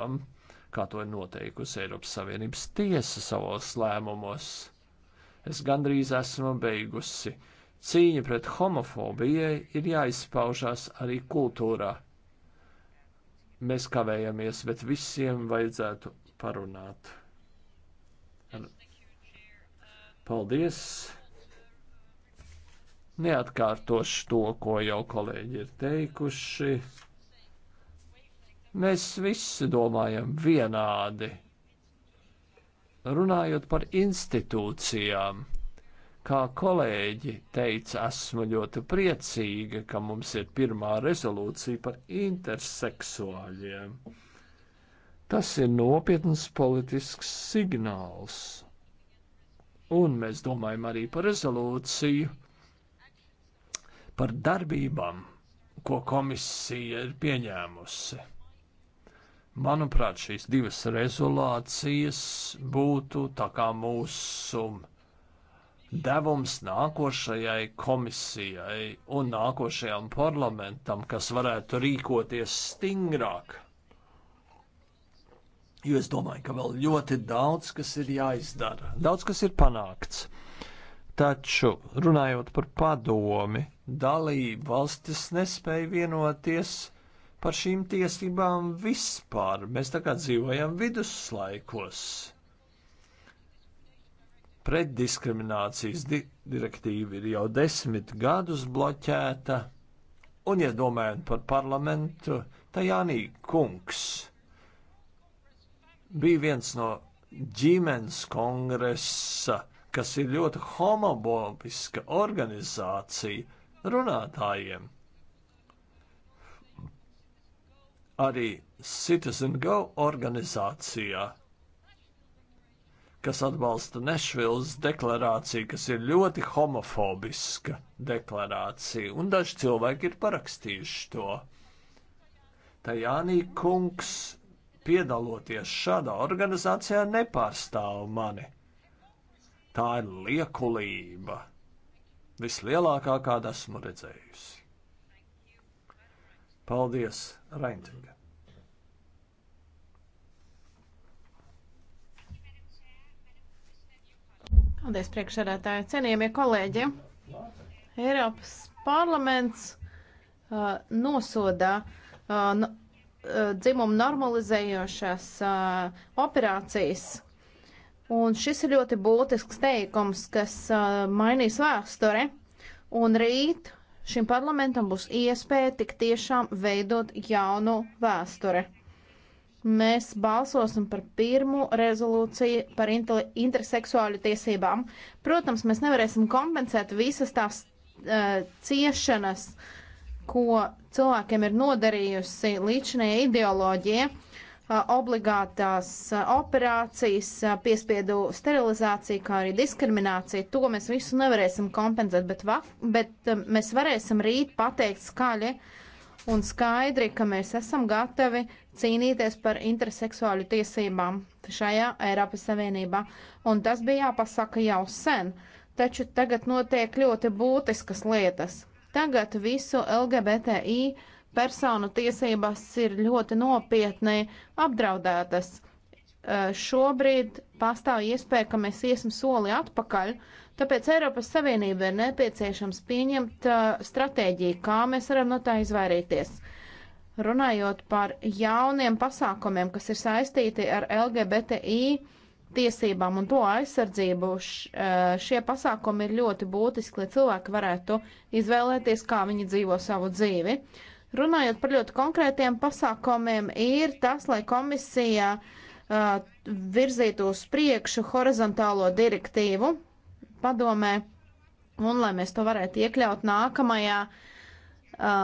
tiesībām, um, kā to ir noteikusi Eiropas Savienības tiesa savos lēmumos. Es gandrīz esmu beigusi. Cīņa pret homofobijai ir jāizpaužās arī kultūrā. Mēs kavējamies, bet visiem vajadzētu parunāt. Paldies! Neatkārtošu to, ko jau kolēģi ir teikuši. Mēs visi domājam vienādi. Runājot par institūcijām, kā kolēģi teica, esmu ļoti priecīga, ka mums ir pirmā rezolūcija par interseksuāļiem. Tas ir nopietns politisks signāls. Un mēs domājam arī par rezolūciju, par darbībām, ko komisija ir pieņēmusi. Manuprāt, šīs divas rezolācijas būtu tā kā mūsu devums nākošajai komisijai un nākošajam parlamentam, kas varētu rīkoties stingrāk. Jo es domāju, ka vēl ļoti daudz kas ir jāizdara, daudz kas ir panākts. Taču, runājot par padomi, dalību valstis nespēja vienoties par par šīm tiesībām vispār. Mēs tā kā dzīvojam viduslaikos. Preddiskriminācijas di direktīva ir jau desmit gadus bloķēta, un, ja domājam par parlamentu, Tajānī kungs bija viens no ģimenes kongresa, kas ir ļoti homobobiska organizācija runātājiem arī Citizen Go organizācijā, kas atbalsta Nešvils deklarāciju, kas ir ļoti homofobiska deklarācija, un daži cilvēki ir parakstījuši to. Tajānī kungs, piedaloties šādā organizācijā, nepārstāv mani. Tā ir liekulība, vislielākā, kādu esmu redzējusi. Paldies, Raintinga! Paldies, priekšsēdētāji, cienījamie kolēģi! Eiropas parlaments uh, nosoda uh, no, uh, dzimumu normalizējošās uh, operācijas. Un šis ir ļoti būtisks teikums, kas uh, mainīs vēsture. Un rīt šim parlamentam būs iespēja tik tiešām veidot jaunu vēsture. Mēs balsosim par pirmo rezolūciju par interseksuāļu tiesībām. Protams, mēs nevarēsim kompensēt visas tās uh, ciešanas, ko cilvēkiem ir nodarījusi līdšanai ideoloģija. Uh, obligātās operācijas, piespiedu sterilizāciju, kā arī diskrimināciju. To mēs visu nevarēsim kompensēt, bet, va, bet mēs varēsim rīt pateikt skaļi un skaidri, ka mēs esam gatavi cīnīties par interseksuāļu tiesībām šajā Eiropas Savienībā. Un tas bija jāpasaka jau sen, taču tagad notiek ļoti būtiskas lietas. Tagad visu LGBTI personu tiesības ir ļoti nopietni apdraudētas. Eh, šobrīd pastāv iespēja, ka mēs iesim soli atpakaļ, tāpēc Eiropas Savienība ir nepieciešams pieņemt eh, stratēģiju, kā mēs varam no tā izvairīties. Runājot par jauniem pasākumiem, kas ir saistīti ar LGBTI tiesībām un to aizsardzību, eh, šie pasākumi ir ļoti būtiski, lai cilvēki varētu izvēlēties, kā viņi dzīvo savu dzīvi. Uh, Runājot par ļoti konkrētiem pasākumiem, ir tas, lai komisija uh, virzītu uz priekšu horizontālo direktīvu padomē, un lai mēs to varētu iekļaut nākamajā uh,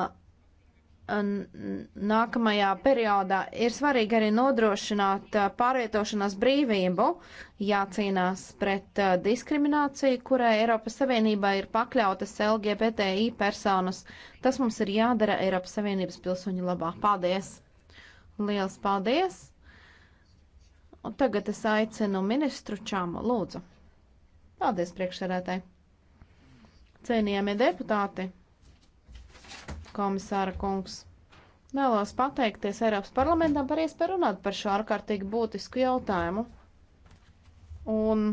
nākamajā periodā ir svarīgi arī nodrošināt pārvietošanās brīvību, jācīnās pret diskrimināciju, kurai Eiropas Savienībā ir pakļautas LGBTI personas. Tas mums ir jādara Eiropas Savienības pilsoņu labā. Paldies! Liels paldies! Un tagad es aicinu ministru Čāmu Lūdzu. Paldies priekšsarētai! Cienījamie deputāti! komisāra kungs. Vēlos pateikties Eiropas parlamentam par iespēju runāt par šo ārkārtīgi būtisku jautājumu. Un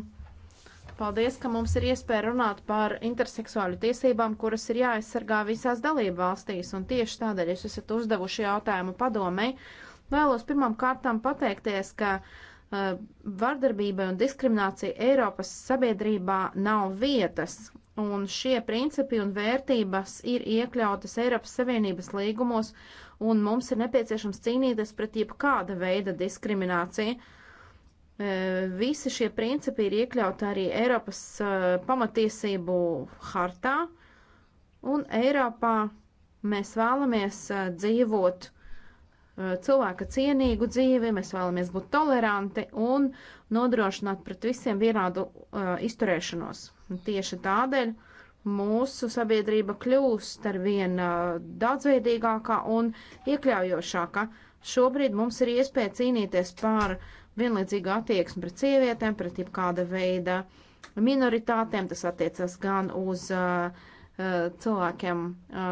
paldies, ka mums ir iespēja runāt par interseksuāļu tiesībām, kuras ir jāaizsargā visās dalību valstīs. Un tieši tādēļ es esat uzdevuši jautājumu padomei. Vēlos pirmām kārtām pateikties, ka uh, vardarbībai un diskriminācijai Eiropas sabiedrībā nav vietas. Un šie principi un vērtības ir iekļautas Eiropas Savienības līgumos, un mums ir nepieciešams cīnīties pret jebkāda veida diskrimināciju. E, visi šie principi ir iekļauti arī Eiropas e, pamatiesību hartā, un Eiropā mēs vēlamies e, dzīvot uh, Eh, cilvēka cienīgu dzīvi, mēs vēlamies būt toleranti un nodrošināt pret visiem vienādu uh, izturēšanos. Tieši tādēļ mūsu sabiedrība kļūst ar vien uh, daudzveidīgākā un iekļaujošākā. Šobrīd mums ir iespēja cīnīties par vienlīdzīgu attieksmi pret sievietēm, pret jebkāda veida minoritātēm. Tas attiecas gan uz uh, cilvēkiem,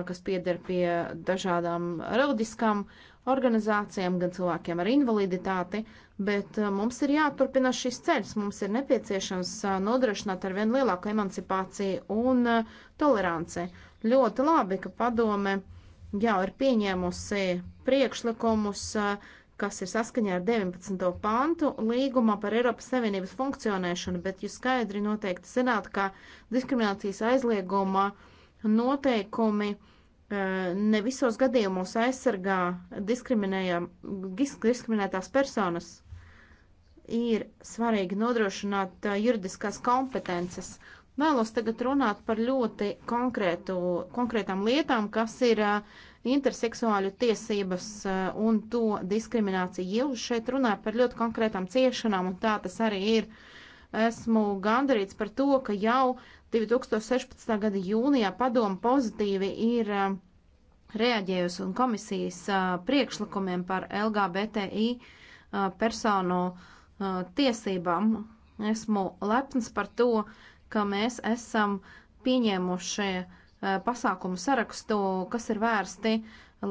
kas pieder pie dažādām reliģiskām uh, organizācijām, gan cilvēkiem ar invaliditāti, bet eh, mums ir jāturpina šis ceļš. Mums ir nepieciešams eh, nodrošināt ar vien lielāku emancipāciju un eh, toleranci. Ļoti labi, ka padome jau ir pieņēmusi priekšlikumus, kas ir saskaņā ar 19. pantu līgumā par Eiropas Savienības funkcionēšanu, bet jūs skaidri noteikti zināt, ka diskriminācijas aizlieguma noteikumi uh, Eh, ne visos gadījumos aizsargā diskriminētās personas. Ir svarīgi nodrošināt eh, juridiskās kompetences. Vēlos tagad runāt par ļoti konkrētu, konkrētām lietām, kas ir eh, interseksuāļu tiesības un to diskrimināciju. Jau šeit runāju par ļoti konkrētām ciešanām, un tā tas arī ir. Esmu gandarīts par to, ka jau 2016. gada jūnijā padomu pozitīvi ir eh, reaģējusi un komisijas eh, priekšlikumiem par LGBTI eh, personu tiesībām. Esmu lepns par to, ka mēs esam pieņēmuši pasākumu sarakstu, kas ir vērsti,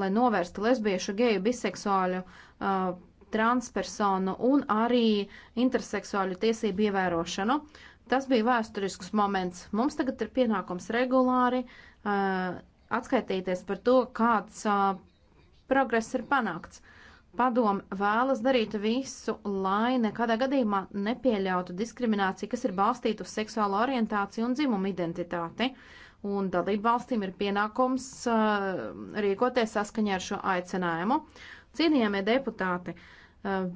lai novērstu lesbiešu, geju, biseksuāļu, transpersonu un arī interseksuāļu tiesību ievērošanu. Uh, Tas bija vēsturisks moments. Mums tagad ir pienākums regulāri uh, atskaitīties par to, kāds uh, progress ir panākts. Padoma vēlas darīt visu, lai nekādā gadījumā nepieļautu diskrimināciju, kas ir balstīta uz seksuālo orientāciju un dzimumu identitāti. Un dalību valstīm ir pienākums uh, rīkoties saskaņā ar šo aicinājumu. Cienījamie deputāti, uh,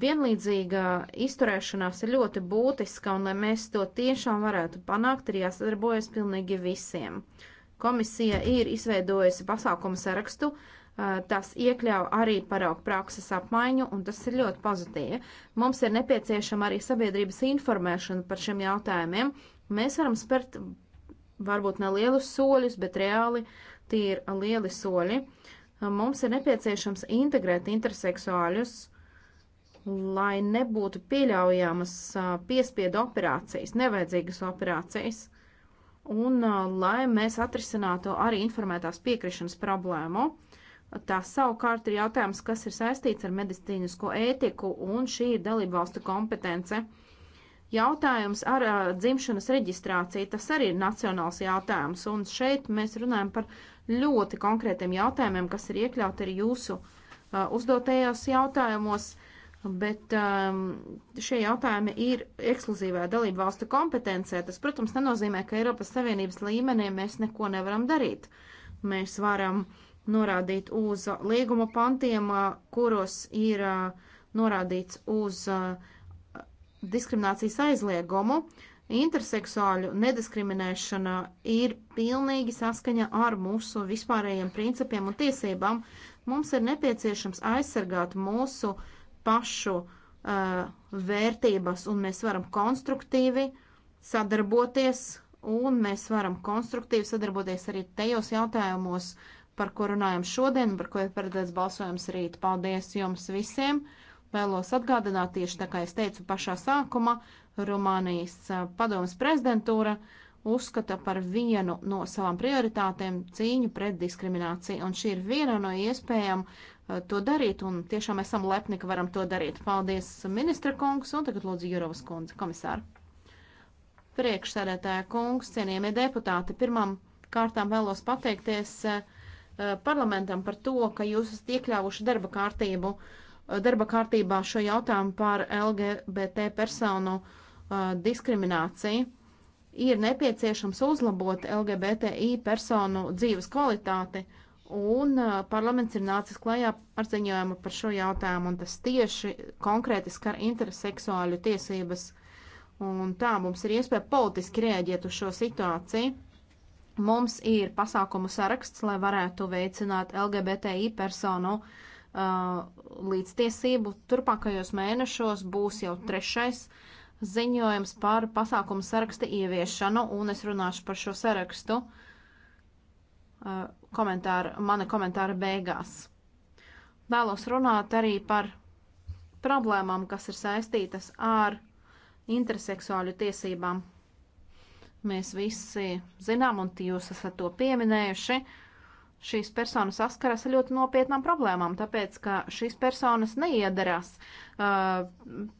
vienlīdzīga izturēšanās ir ļoti būtiska, un lai mēs to tiešām varētu panākt, ir jāsadarbojas pilnīgi visiem. Komisija ir izveidojusi pasākumu sarakstu, tas iekļauj arī paraugu prakses apmaiņu, un tas ir ļoti pozitīvi. Mums ir nepieciešama arī sabiedrības informēšana par šiem jautājumiem. Mēs varam spērt varbūt nelielus soļus, bet reāli tie ir lieli soļi. Mums ir nepieciešams integrēt interseksuāļus lai nebūtu pieļaujamas piespiedu operācijas, nevajadzīgas operācijas, un lai mēs atrisinātu arī informētās piekrišanas problēmu. Tā savukārt ir jautājums, kas ir saistīts ar medicīnisko ētiku, un šī ir dalība valstu kompetence. Jautājums ar uh, dzimšanas reģistrāciju, tas arī ir nacionāls jautājums, un šeit mēs runājam par ļoti konkrētiem jautājumiem, kas ir iekļauti arī jūsu uh, uzdotajos jautājumos. Bet um, šie jautājumi ir ekskluzīvā dalību valstu kompetencē. Tas, protams, nenozīmē, ka Eiropas Savienības līmenī mēs neko nevaram darīt. Mēs varam norādīt uz līguma pantiem, uh, kuros ir uh, norādīts uz uh, diskriminācijas aizliegumu. Interseksuāļu nediskriminēšana ir pilnīgi saskaņa ar mūsu vispārējiem principiem un tiesībām. Mums ir nepieciešams aizsargāt mūsu uh, pašu uh, vērtības, un mēs varam konstruktīvi sadarboties, un mēs varam konstruktīvi sadarboties arī tajos jautājumos, par ko runājam šodien, par ko ir paredzēts balsojums rīt. Paldies jums visiem! Vēlos atgādināt, tieši tā kā es teicu pašā sākumā, Rumānijas uh, padomas prezidentūra uzskata par vienu no savām prioritātēm cīņu pret diskrimināciju, un šī ir viena no iespējām Uh, to darīt, un tiešām esam lepni, ka varam to darīt. Paldies, ministra kungs, un tagad lūdzu Jurovas kundze, komisāra. Priekšsēdētāja kungs, cienījamie deputāti, pirmām kārtām vēlos pateikties uh, parlamentam par to, ka jūs esat iekļāvuši darba kārtību, uh, darba kārtībā šo jautājumu par LGBT personu diskrimināciju ir nepieciešams uzlabot LGBTI personu dzīves kvalitāti. Un uh, parlaments ir nācis klajā ar ziņojumu par šo jautājumu, un tas tieši konkrēti skar interseksuāļu tiesības. Un tā mums ir iespēja politiski rēģēt uz šo situāciju. Mums ir pasākumu saraksts, lai varētu veicināt LGBTI personu uh, līdztiesību. Turpākajos mēnešos būs jau trešais ziņojums par pasākumu saraksta ieviešanu, un es runāšu par šo sarakstu. Uh, Uh, komentāra, mana komentāra beigās. Vēlos runāt arī par problēmām, kas ir saistītas ar interseksuāļu tiesībām. Mēs visi zinām, un jūs esat to pieminējuši, šīs personas saskaras ar ļoti nopietnām problēmām, tāpēc, ka šīs personas neiedarās uh,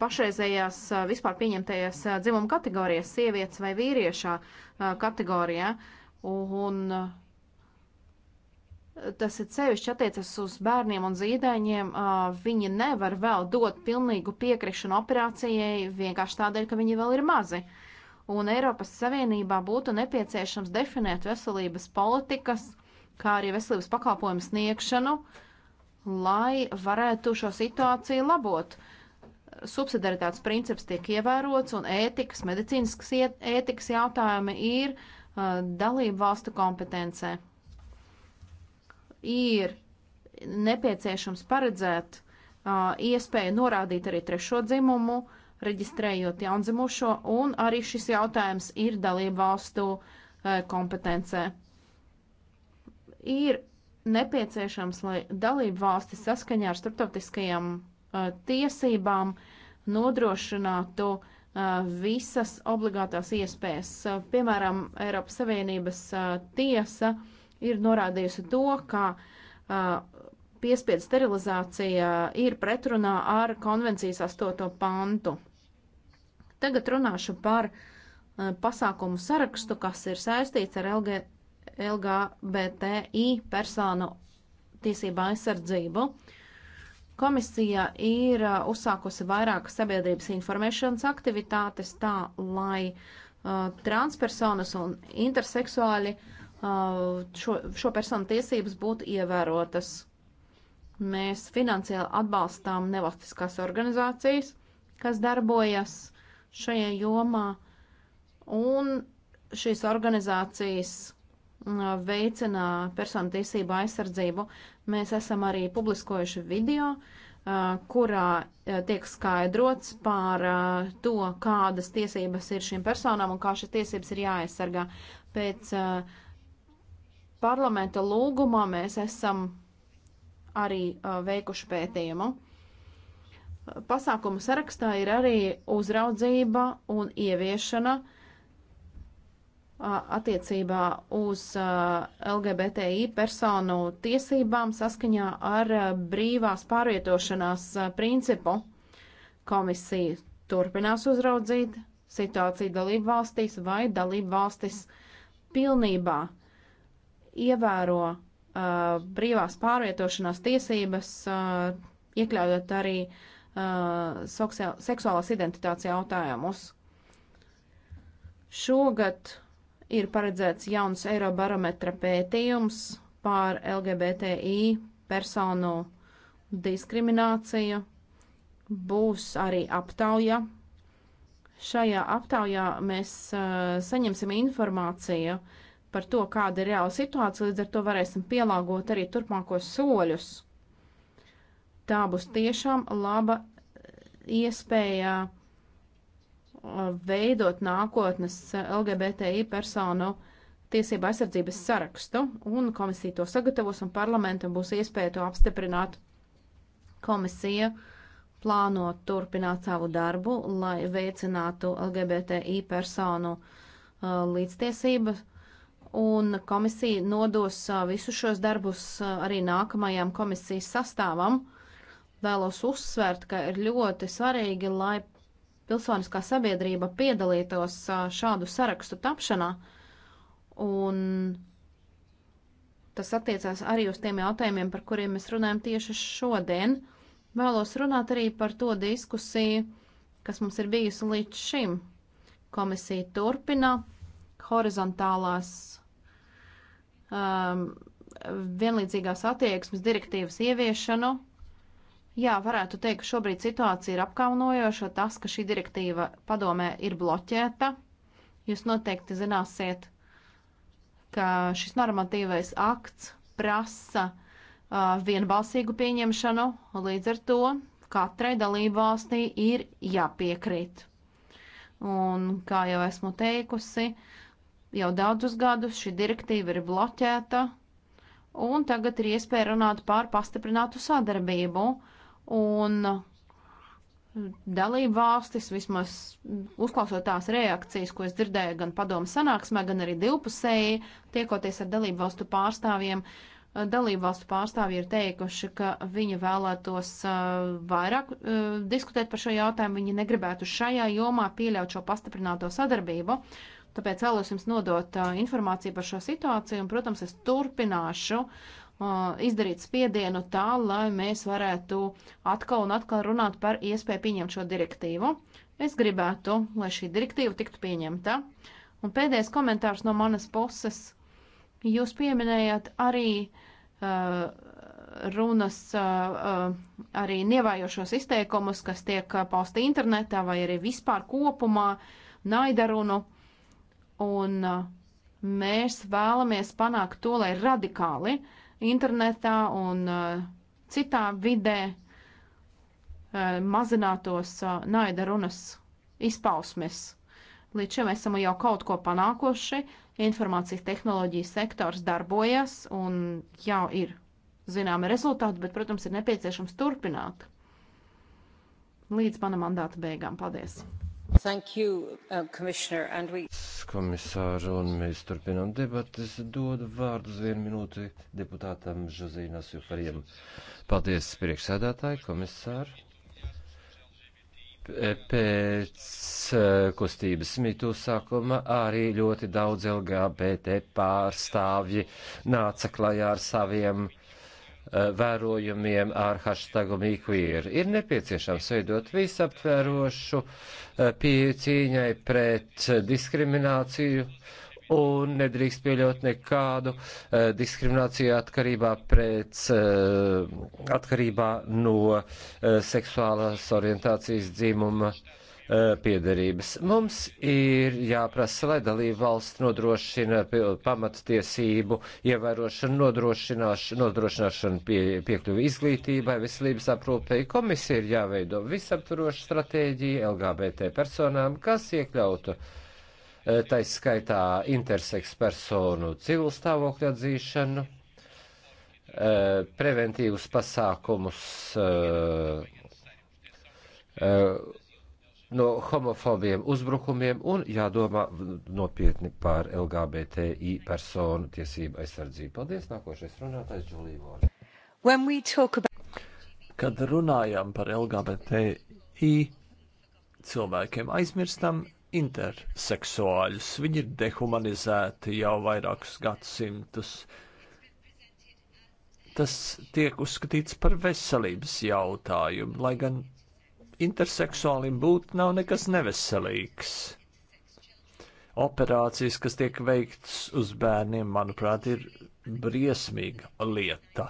pašreizējās uh, vispār pieņemtajās uh, dzimuma kategorijās, sievietes vai vīriešā uh, kategorijā. Un, uh, tas ir sevišķi attiecas uz bērniem un zīdaiņiem, viņi nevar vēl dot pilnīgu piekrišanu operācijai vienkārši tādēļ, ka viņi vēl ir mazi. Un Eiropas Savienībā būtu nepieciešams definēt veselības politikas, kā arī veselības pakalpojumu sniegšanu, lai varētu šo situāciju labot. Subsidaritātes princips tiek ievērots un ētikas, medicīnas ētikas jautājumi ir uh, dalību valstu kompetencē ir nepieciešams paredzēt uh, iespēju norādīt arī trešo dzimumu, reģistrējot jaundzimušo, un arī šis jautājums ir dalību valstu uh, kompetencē. Ir nepieciešams, lai dalību valstis saskaņā ar starptautiskajām uh, tiesībām nodrošinātu uh, visas obligātās iespējas. Piemēram, Eiropas Savienības tiesa uh, ir norādījusi to, ka uh, piespiedu sterilizācija ir pretrunā ar konvencijas 8. pantu. Tagad runāšu par uh, pasākumu sarakstu, kas ir saistīts ar LG, LGBTI personu tiesību aizsardzību. Komisija ir uh, uzsākusi vairākas sabiedrības informēšanas aktivitātes tā, lai uh, transpersonas un interseksuāļi uh, Uh, šo, šo personu tiesības būtu ievērotas. Mēs finansiāli atbalstām nevalstiskās organizācijas, kas darbojas šajā jomā, un šīs organizācijas uh, veicinā personu tiesību aizsardzību. Mēs esam arī publiskojuši video, uh, kurā tiek skaidrots par to, kādas tiesības ir šīm personām un kā šīs tiesības ir jāaizsargā. Pēc uh, parlamenta lūgumā mēs esam arī uh, veikuši pētījumu. Pasākumu sarakstā ir arī uzraudzība un ieviešana uh, attiecībā uz uh, LGBTI personu tiesībām saskaņā ar uh, brīvās pārvietošanās uh, principu. Komisija turpinās uzraudzīt situāciju dalību valstīs vai dalību valstis pilnībā uh, ievēro uh, brīvās pārvietošanās tiesības, uh, iekļaujot arī uh, seksuālās identitātes jautājumus. Šogad ir paredzēts jauns Eirobarometra pētījums pār LGBTI personu diskrimināciju. Būs arī aptauja. Šajā aptaujā mēs uh, saņemsim informāciju uh, par to, kāda ir reāla situācija, līdz ar to varēsim pielāgot arī turpmākos soļus. Tā būs tiešām laba eh, iespēja eh, veidot nākotnes eh, LGBTI personu tiesību aizsardzības sarakstu, un komisija to sagatavos, un parlamentam būs iespēja to apstiprināt. Komisija plāno turpināt savu darbu, lai veicinātu LGBTI personu uh, līdztiesības un komisija nodos visus šos darbus arī nākamajam komisijas sastāvam. Vēlos uzsvērt, ka ir ļoti svarīgi, lai pilsoniskā sabiedrība piedalītos šādu sarakstu tapšanā, un tas attiecās arī uz tiem jautājumiem, par kuriem mēs runājam tieši šodien. Vēlos runāt arī par to diskusiju, kas mums ir bijusi līdz šim. Komisija turpina horizontālās um, vienlīdzīgās attieksmes direktīvas ieviešanu. Jā, varētu teikt, ka šobrīd situācija ir apkaunojoša, tas, ka šī direktīva padomē ir bloķēta. Jūs noteikti zināsiet, ka šis normatīvais akts prasa uh, vienbalsīgu pieņemšanu, līdz ar to katrai dalību valstī ir jāpiekrīt. Un, kā jau esmu teikusi, uh, Jau daudzus gadus šī direktīva ir bloķēta, un tagad ir iespēja runāt par pastiprinātu sadarbību. Un dalību valstis, vismaz uzklausot tās reakcijas, ko es dzirdēju gan padomu sanāksmē, gan arī divpusēji, tiekoties ar dalību valstu pārstāvjiem, dalību valstu pārstāvji ir teikuši, ka viņi vēlētos uh, vairāk uh, diskutēt par šo jautājumu, viņi negribētu šajā jomā pieļaut šo pastiprināto sadarbību. Uh, Tāpēc vēlos jums nodot uh, informāciju par šo situāciju, un, protams, es turpināšu uh, izdarīt spiedienu tā, lai mēs varētu atkal un atkal runāt par iespēju pieņemt šo direktīvu. Es gribētu, lai šī direktīva tiktu pieņemta. Un pēdējais komentārs no manas puses. Jūs pieminējāt arī uh, runas, uh, uh, arī nievējošos izteikumus, kas tiek uh, pausti internetā vai arī vispār kopumā, naidarunu. Un uh, mēs vēlamies panākt to, lai radikāli internetā un uh, citā vidē uh, mazinātos naida runas izpausmes. Līdz šim esam jau kaut ko panākuši, informācijas tehnoloģijas sektors darbojas un jau ir zināmi rezultāti, bet, protams, ir nepieciešams turpināt līdz mana mandāta beigām. Paldies! Thank you, um, Commissioner, and we... Komisāru, un mēs turpinām debatas. Dodu vārdu uz vienu minūti deputātam Žozīnas Jufariem. Paldies, priekšsēdētāji, komisāri. Pēc uh, kustības mītū sākuma arī ļoti daudz LGBT pārstāvji nāca klajā ar saviem uh, vērojumiem ar hashtagu mīkvīri. Ir nepieciešams veidot visaptverošu eh, pieeju cīņai pret diskrimināciju un nedrīkst pieļaut nekādu uh, diskrimināciju atkarībā, pret, uh, atkarībā no uh, seksuālās orientācijas dzimuma. Uh, Eh, piederības. Mums ir jāprasa, lai dalība valsts nodrošina pamattiesību ievērošanu, nodrošināšanu pie, piekļuvi izglītībai, veselības aprūpei. Komisija ir jāveido visaptvaroša stratēģija LGBT personām, kas iekļautu eh, taisa skaitā interseks personu civilu stāvokļu atzīšanu, eh, preventīvus pasākumus no homofobiem uzbrukumiem un jādomā nopietni par LGBTI personu tiesību aizsardzību. Paldies, nākošais runātājs Džulija Vorda. Kad runājam par LGBTI cilvēkiem, aizmirstam interseksuāļus. Viņi ir dehumanizēti jau vairākus gadsimtus. Tas tiek uzskatīts par veselības jautājumu, lai gan interseksuālim būt nav nekas neveselīgs. Operācijas, kas tiek veikts uz bērniem, manuprāt, ir briesmīga lieta.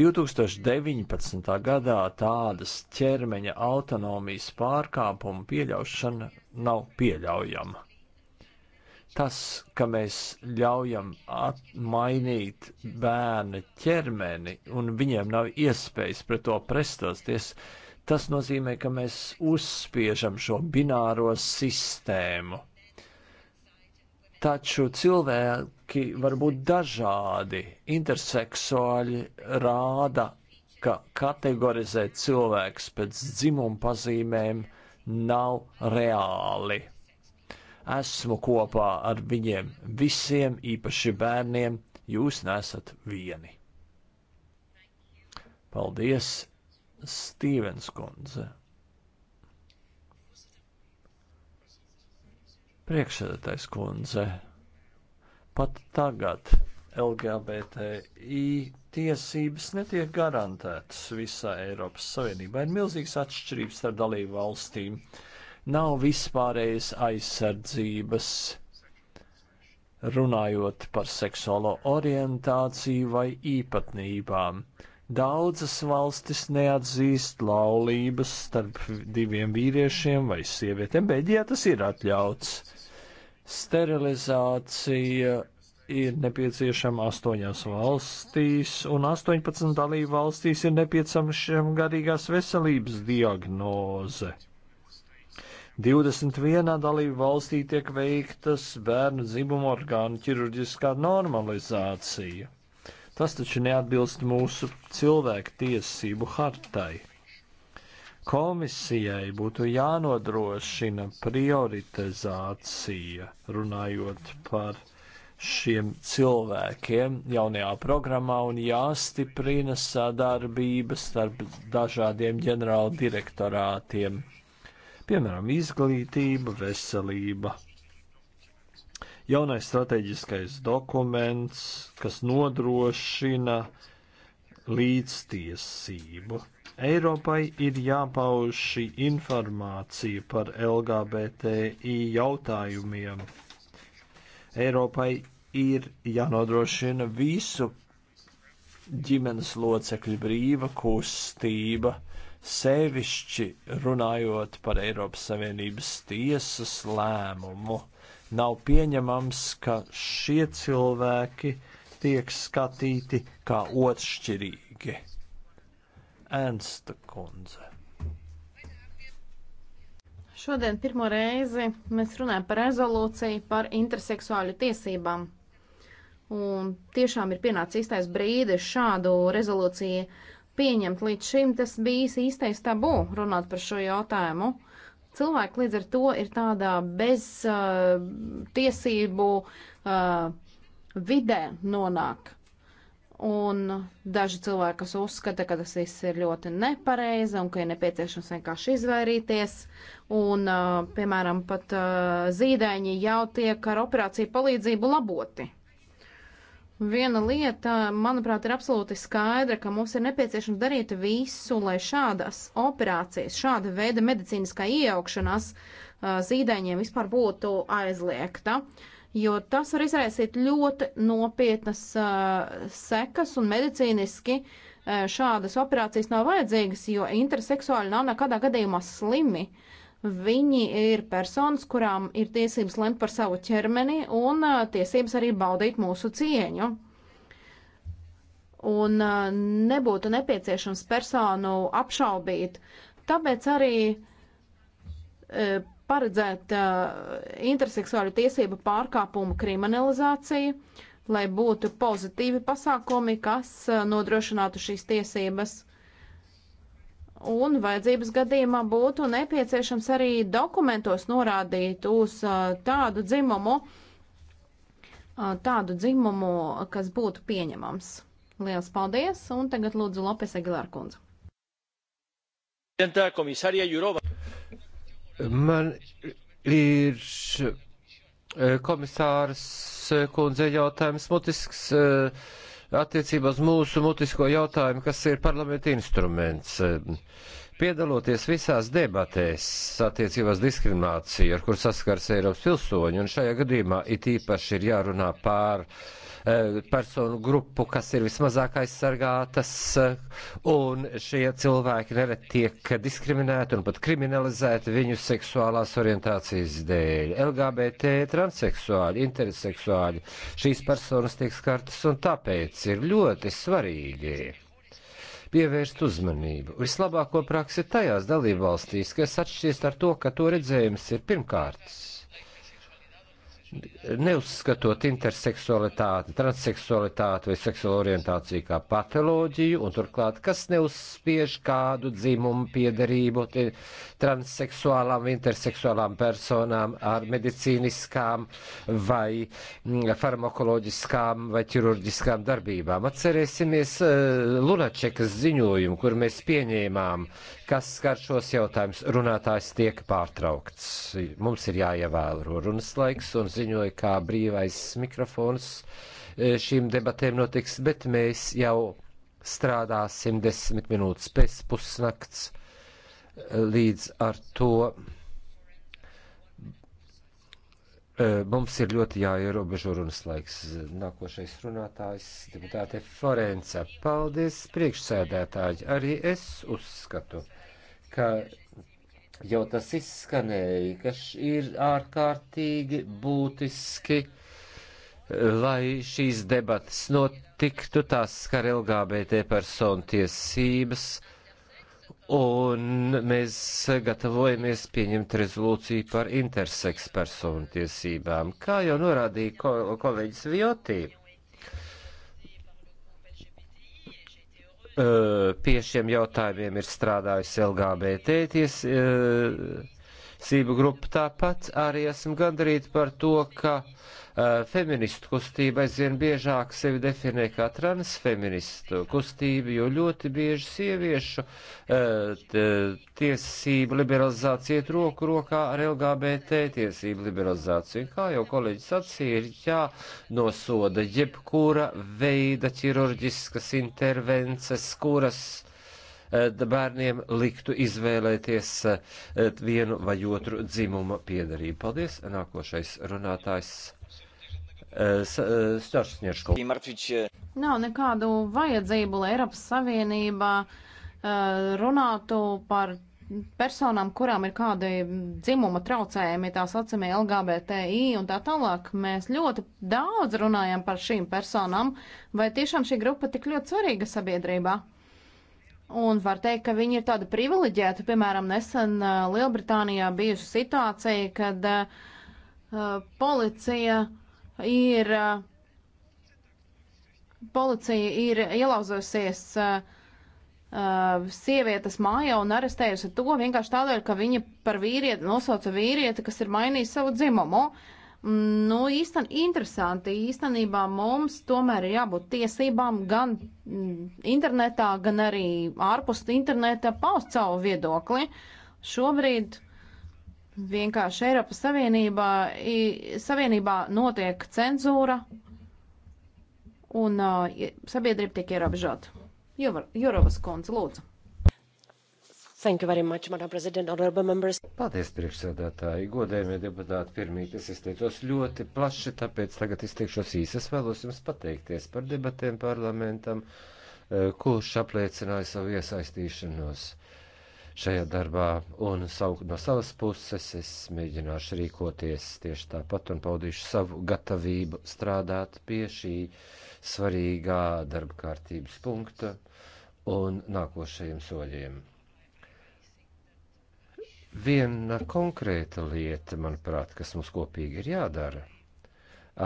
2019. gadā tādas ķermeņa autonomijas pārkāpumu pieļaušana nav pieļaujama. Tas, ka mēs ļaujam mainīt bērnu ķermeni un viņiem nav iespējas pret to prestosties, ir Tas nozīmē, ka mēs uzspiežam šo bināro sistēmu. Taču cilvēki var būt dažādi. Interseksuāļi rāda, ka kategorizēt cilvēks pēc dzimuma pazīmēm nav reāli. Esmu kopā ar viņiem visiem, īpaši bērniem, jūs nesat vieni. Paldies, Stīvens kundze. Priekšsēdētais kundze. Pat tagad LGBTI tiesības netiek garantētas visā Eiropas Savienībā. Ir milzīgs atšķirības starp dalību valstīm. Nav vispārējas aizsardzības runājot par seksuālo orientāciju vai īpatnībām. Daudzas valstis neatzīst laulības starp diviem vīriešiem vai sievietēm. Beļģijā tas ir atļauts. Sterilizācija ir nepieciešama astoņās valstīs, un 18 dalību valstīs ir nepieciešama garīgās veselības diagnoze. 21 dalību valstī tiek veiktas bērnu dzimumu orgānu ķirurģiskā normalizācija. Tas taču neatbilst mūsu cilvēku tiesību hartai. Komisijai būtu jānodrošina prioritizācija, runājot par šiem cilvēkiem jaunajā programmā un jāstiprina sadarbība starp dažādiem ģenerāla direktorātiem. Piemēram, izglītība, veselība jaunais strateģiskais dokuments, kas nodrošina līdztiesību. Eiropai ir jāpauž šī informācija par LGBTI jautājumiem. Eiropai ir jānodrošina visu ģimenes locekļu brīva kustība, sevišķi runājot par Eiropas Savienības tiesas lēmumu Nav pieņemams, ka šie cilvēki tiek skatīti kā otršķirīgi. Ernsta kundze. Šodien pirmo reizi mēs runājam par rezolūciju par interseksuāļu tiesībām. Un tiešām ir pienācis īstais brīdis šādu rezolūciju pieņemt. Līdz šim tas bijis īstais tabū runāt par šo jautājumu. Cilvēki līdz ar to ir tādā bez uh, tiesību uh, vidē nonāk. Un daži cilvēki, kas uzskata, ka tas viss ir ļoti nepareizi un ka ir nepieciešams vienkārši izvairīties. Un, uh, piemēram, pat uh, zīdaiņi jau tiek ar operāciju palīdzību laboti. Viena lieta, manuprāt, ir absolūti skaidra, ka mums ir nepieciešams darīt visu, lai šādas operācijas, šāda veida medicīniskā iejaukšanās zīdaiņiem vispār būtu aizliegta, jo tas var izraisīt ļoti nopietnas sekas un medicīniski šādas operācijas nav vajadzīgas, jo interseksuāļi nav nekādā gadījumā slimi. Uh, Viņi ir personas, kurām ir tiesības lemt par savu ķermeni un uh, tiesības arī baudīt mūsu cieņu. Un uh, nebūtu nepieciešams personu apšaubīt. Tāpēc arī uh, paredzēt interseksuāļu tiesību pārkāpumu kriminalizāciju, lai būtu pozitīvi pasākumi, kas nodrošinātu šīs tiesības un vajadzības gadījumā būtu nepieciešams arī dokumentos norādīt uz uh, tādu dzimumu, uh, tādu dzimumu, kas būtu pieņemams. Liels paldies, un tagad lūdzu Lopes Agilāra kundze. Man ir eh, komisārs eh, kundze jautājums mutisks. Uh, attiecībā uz mūsu mutisko jautājumu, kas ir parlamenta instruments. Piedaloties visās debatēs attiecībās diskrimināciju, ar kur saskars Eiropas pilsoņi, un šajā gadījumā it īpaši ir jārunā pār uh, Eh, personu grupu, kas ir vismazāk aizsargātas, eh, un šie cilvēki nereti tiek diskriminēti un pat kriminalizēti viņu seksuālās orientācijas dēļ. LGBT, transseksuāļi, interseksuāļi, šīs personas tiek skartas, un tāpēc ir ļoti svarīgi pievērst uzmanību. Vislabāko praksi tajās dalībvalstīs, kas atšķiest ar to, ka to redzējums ir pirmkārts neuzskatot interseksualitāti, transseksualitāti vai seksuālo orientāciju kā patoloģiju, un turklāt, kas neuzspiež kādu dzimumu piedarību transseksuālām, interseksuālām personām ar medicīniskām vai mm, farmakoloģiskām vai ķirurģiskām darbībām. Atcerēsimies eh, Lunačekas ziņojumu, kur mēs pieņēmām, kas skar šos jautājumus. Runātājs tiek pārtraukts. Mums ir jāievēro runas laiks un ziņoja, kā brīvais mikrofons e, šīm debatēm notiks, bet mēs jau strādāsim desmit minūtes pēc pusnakts. E, līdz ar to e, mums ir ļoti jāierobežo runas laiks. Nākošais runātājs, deputāte Forence. Paldies, priekšsēdētāji. Arī es uzskatu, ka jau tas izskanēja, ka ir ārkārtīgi būtiski, lai šīs debatas notiktu, tās skar LGBT personu tiesības, un mēs gatavojamies pieņemt rezolūciju par interseks personu tiesībām. Kā jau norādīja kol kolēģis Vjotī, pie šiem jautājumiem ir strādājusi LGBT ties, sību grupa. Tāpat arī esam gandarīti par to, ka uh, feministu kustība aizvien biežāk sevi definē kā transfeministu kustību, jo ļoti bieži sieviešu uh, tiesību liberalizācija iet roku rokā ar LGBT tiesību liberalizāciju. Kā jau kolēģis sacīja, ir jānosoda jebkura veida ķirurģiskas intervences, kuras Eh, bērniem liktu izvēlēties eh, vienu vai otru dzimumu piedarību. Paldies! Nākošais runātājs. Eh, Staršņiečko. Nav nekādu vajadzību, lai Eiropas Savienība runātu par personām, kurām ir kādi dzimuma traucējumi, tā saucamie LGBTI un tā tālāk, mēs ļoti daudz runājam par šīm personām. Vai tiešām šī grupa tik ļoti svarīga sabiedrībā? Un var teikt, ka viņi ir tādi privileģēti. Piemēram, nesen uh, Lielbritānijā bijusi situācija, kad uh, uh, policija ir, uh, policija ir ielauzusies uh, uh, sievietes mājā un arestējusi to vienkārši tādēļ, ka viņa par vīrieti nosauca vīrieti, kas ir mainījis savu dzimumu. Uh, Nu, īsten, interesanti, īstenībā mums tomēr ir jābūt tiesībām gan mm, internetā, gan arī ārpus interneta paust savu viedokli. Šobrīd vienkārši Eiropas Savienībā, Savienībā notiek cenzūra un uh, sabiedrība tiek ierobežota. Jorovas kundze, lūdzu. Much, Paldies, priekšsēdētāji, godējumie deputāti. Pirmīt es izteicos ļoti plaši, tāpēc tagad izteikšos īsi. Es vēlos jums pateikties par debatēm parlamentam, eh, kurš apliecināja savu iesaistīšanos šajā darbā. Un savu, no savas puses es mēģināšu rīkoties tieši tāpat un paudīšu savu gatavību strādāt pie šī svarīgā darba kārtības punkta un nākošajiem soļiem. Viena konkrēta lieta, manuprāt, kas mums kopīgi ir jādara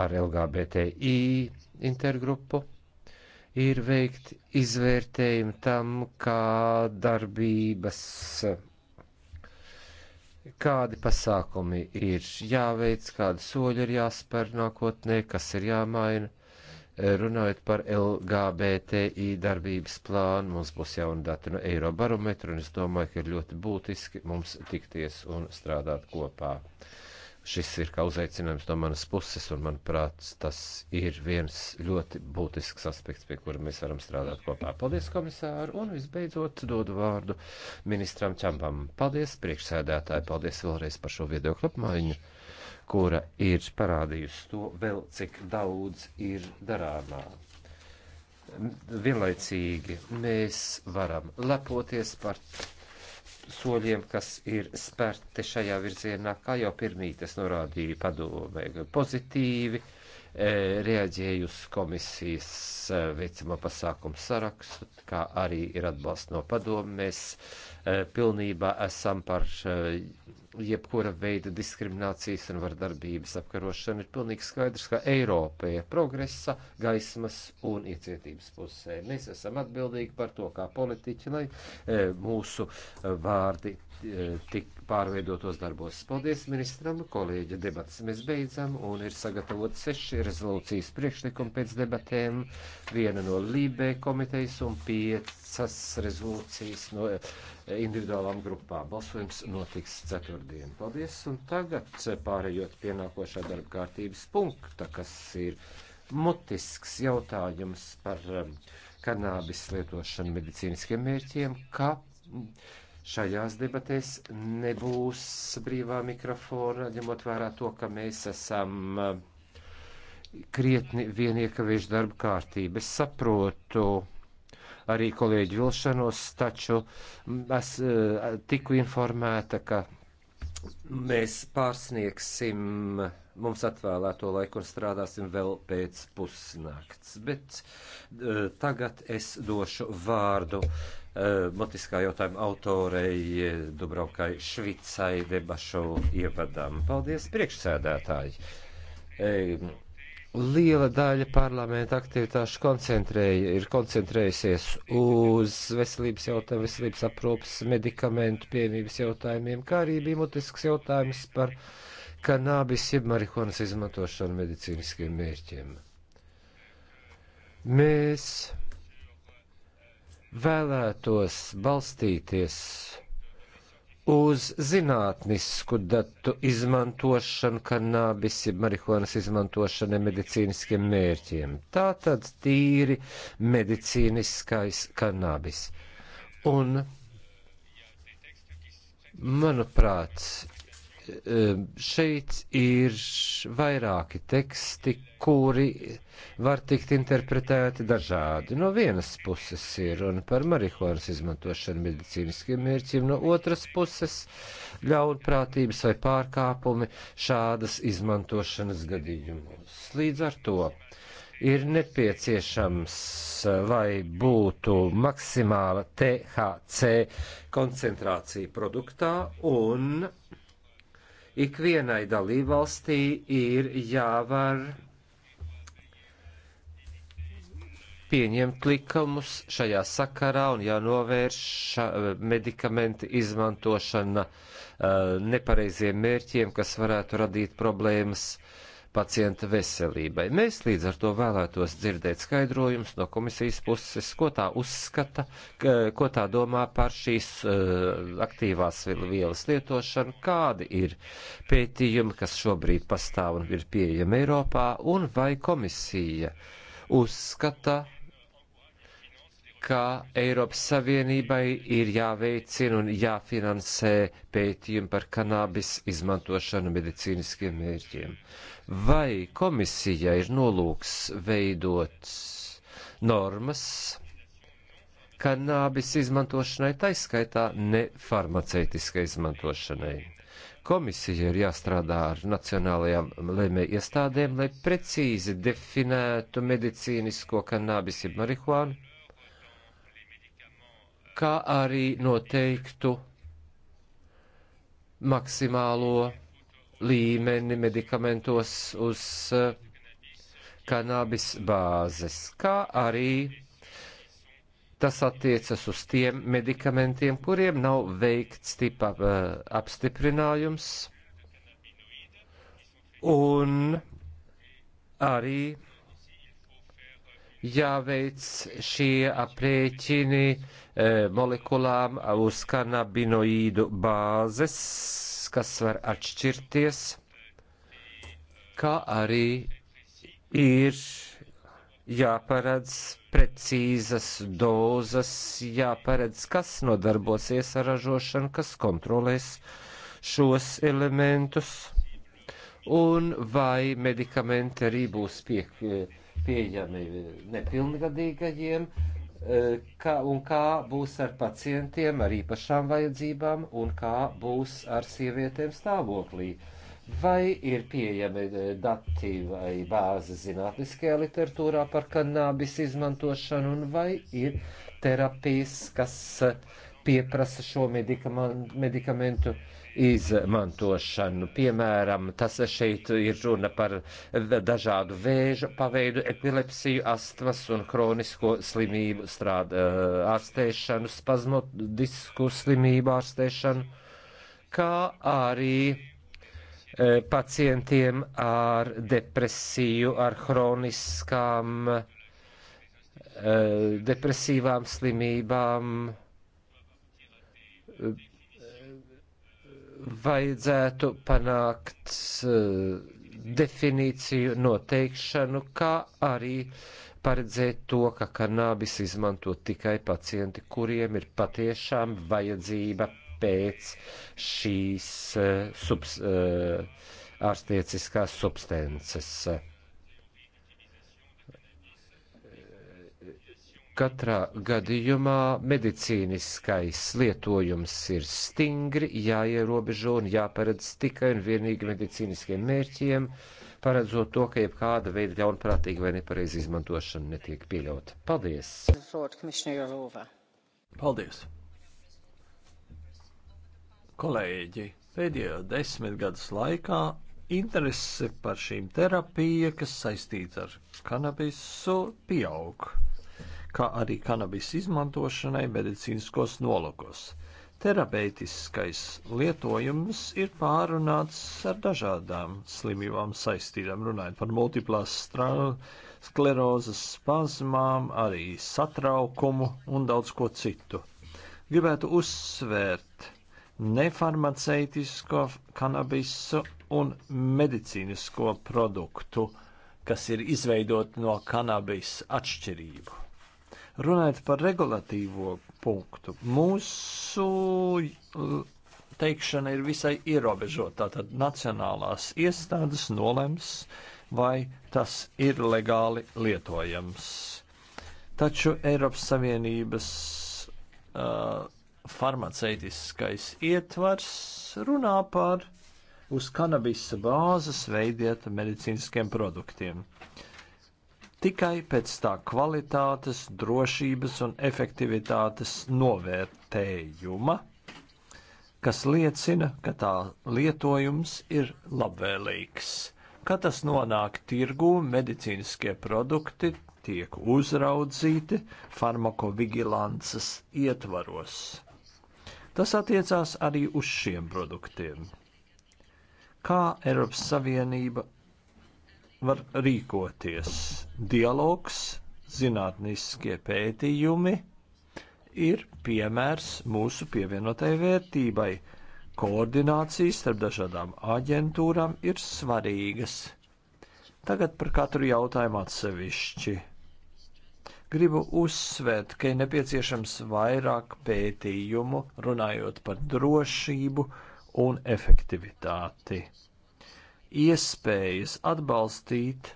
ar LGBTI intergrupu, ir veikt izvērtējumu tam, kā darbības kādi pasākumi ir jāveic, kādi soļi ir jāspēr nākotnē, kas ir jāmaina. Runājot par LGBTI darbības plānu, mums būs jauna data no Eirobarometra, un es domāju, ka ir ļoti būtiski mums tikties un strādāt kopā šis ir kā uzaicinājums no manas puses, un manuprāt, tas ir viens ļoti būtisks aspekts, pie kura mēs varam strādāt kopā. Paldies, komisāru, un visbeidzot dodu vārdu ministram Čambam. Paldies, priekšsēdētāji, paldies vēlreiz par šo viedokļu apmaiņu kura ir parādījusi to vēl, cik daudz ir darāmā. Vienlaicīgi mēs varam lepoties par soļiem, kas ir spērti šajā virzienā, kā jau pirmīt es norādīju padomē, pozitīvi e, reaģēju uz komisijas e, veicamo pasākumu sarakstu, kā arī ir atbalsts no padomu. Mēs e, pilnībā esam par jebkura veida diskriminācijas un vardarbības apkarošana ir pilnīgi skaidrs, ka Eiropa ir progresa, gaismas un iecietības pusē. Mēs esam atbildīgi par to, kā politiķi, lai e, mūsu vārdi e, tik pārveidotos darbos. Paldies ministram, kolēģi, debatas mēs beidzam un ir sagatavot seši rezolūcijas priekšlikumi pēc debatēm, viena no Lībē komitejas un pieci piecas rezolūcijas no eh, individuālām grupām. Balsojums notiks ceturtdien. Paldies, un tagad pārējot pie nākošā darba kārtības punkta, kas ir mutisks jautājums par eh, kanābis lietošanu medicīniskiem mērķiem, ka šajās debatēs nebūs brīvā mikrofona, ņemot vērā to, ka mēs esam eh, krietni vien iekavējuši darba kārtību. Es saprotu, arī kolēģi vilšanos, taču es eh, tiku informēta, ka mēs pārsniegsim mums atvēlēto laiku un strādāsim vēl pēc pusnakts. Bet uh, tagad es došu vārdu uh, motiskā jautājuma autorei Dubraukai Švicai debašu ievadam. Paldies, priekšsēdētāji! Um, liela daļa parlamenta aktivitāšu koncentrēja, ir koncentrējusies uz veselības jautājumu, veselības aprūpas, medikamentu pieejamības jautājumiem, kā arī bija mutisks jautājums par kanābis jeb marihuanas izmantošanu medicīniskiem mērķiem. Mēs vēlētos balstīties uz zinātnisku datu izmantošanu kanābisi, marihuanas izmantošanu medicīniskiem mērķiem. Tā tad tīri medicīniskais kanābis. Un, manuprāt, Ehm, šeit ir vairāki teksti, kuri var tikt interpretēti dažādi. No vienas puses ir runa par marihuānas izmantošanu medicīniskiem mērķiem, no otras puses ļaunprātības vai pārkāpumi šādas izmantošanas gadījumos. Līdz ar to ir nepieciešams, eh, lai būtu maksimāla THC koncentrācija produktā un ikvienai dalībvalstī ir jāvar pieņemt likumus šajā sakarā un jānovērš medikamentu izmantošana eh, nepareiziem mērķiem, kas varētu radīt problēmas uh, pacienta veselībai. Mēs līdz ar to vēlētos dzirdēt skaidrojums no komisijas puses, ko tā uzskata, ko tā domā par šīs eh, aktīvās vielas lietošanu, kādi ir pētījumi, kas šobrīd pastāv un ir pieejami Eiropā, un vai komisija uzskata, ka Eiropas Savienībai ir jāveicina un jāfinansē pētījumi par kanābis izmantošanu medicīniskiem mērķiem. Vai komisija ir nolūks veidot normas kanābis izmantošanai, taiskaitā nefarmaceitiskai izmantošanai? Komisija ir jāstrādā ar nacionālajām lēmēju iestādēm, lai precīzi definētu medicīnisko kanābis jeb marihuānu, kā arī noteiktu maksimālo līmeni medikamentos uz eh, kanābis bāzes, kā arī Tas attiecas uz tiem medikamentiem, kuriem nav veikts tipa uh, apstiprinājums, un arī jāveic šie aprēķini uh, molekulām uz kanabinoīdu bāzes kas var atšķirties, kā arī ir jāparedz precīzas dozas, jāparedz, kas nodarbosies ar ražošanu, kas kontrolēs šos elementus, un vai medikamenti arī būs pie, pieejami nepilngadīgajiem, E, kā, un kā būs ar pacientiem ar īpašām vajadzībām un kā būs ar sievietēm stāvoklī. Vai ir pieejami e, dati vai bāze zinātniskajā literatūrā par kanābis izmantošanu un vai ir terapijas, kas e, pieprasa šo medikamentu uh, izmantošanu. Piemēram, tas šeit ir runa par dažādu vēža paveidu, epilepsiju, astmas un kronisko slimību strāda, eh, ārstēšanu, spazmodisku slimību ārstēšanu, kā arī eh, pacientiem ar depresiju, ar kroniskām eh, depresīvām slimībām, vajadzētu panākt eh, definīciju noteikšanu, kā arī paredzēt to, ka kanābis izmanto tikai pacienti, kuriem ir patiešām vajadzība pēc šīs uh, subs, uh, eh, ārstieciskās substances. Uh, Katrā gadījumā medicīniskais lietojums ir stingri jāierobežo un jāparedz tikai un vienīgi medicīniskiem mērķiem, paredzot to, ka jebkāda veida ļaunprātīga vai nepareiza izmantošana netiek pieļauta. Paldies! Paldies! Kolēģi, pēdējo desmit gadus laikā interese par šīm terapijām, kas saistīta ar kanabisu, pieaug kā arī kanabis izmantošanai medicīniskos nolūkos. Terapeitiskais lietojums ir pārunāts ar dažādām slimībām saistītām, runājot par multiplās sklerozes spazmām, arī satraukumu un daudz ko citu. Gribētu uzsvērt nefarmaceitisko kanabisu un medicīnisko produktu, kas ir izveidoti no kanabisa atšķirību. Runājot par regulatīvo punktu, mūsu teikšana ir visai ierobežota. Tad nacionālās iestādes nolems, vai tas ir legāli lietojams. Taču Eiropas Savienības uh, farmaceitiskais ietvars runā par uz kanabisa bāzes veidiet medicīniskiem produktiem. Uh, tikai pēc tā kvalitātes, drošības un efektivitātes novērtējuma, kas liecina, ka tā lietojums ir labvēlīgs. Kad tas nonāk tirgū, medicīniskie produkti tiek uzraudzīti farmakovigilances ietvaros. Tas attiecās arī uz šiem produktiem. Kā Eiropas Savienība var rīkoties. Dialogs, zinātniskie pētījumi ir piemērs mūsu pievienotai vērtībai. Koordinācijas starp dažādām aģentūrām ir svarīgas. Tagad par katru jautājumu atsevišķi. Gribu uzsvērt, ka ir nepieciešams vairāk pētījumu runājot par drošību un efektivitāti iespējas atbalstīt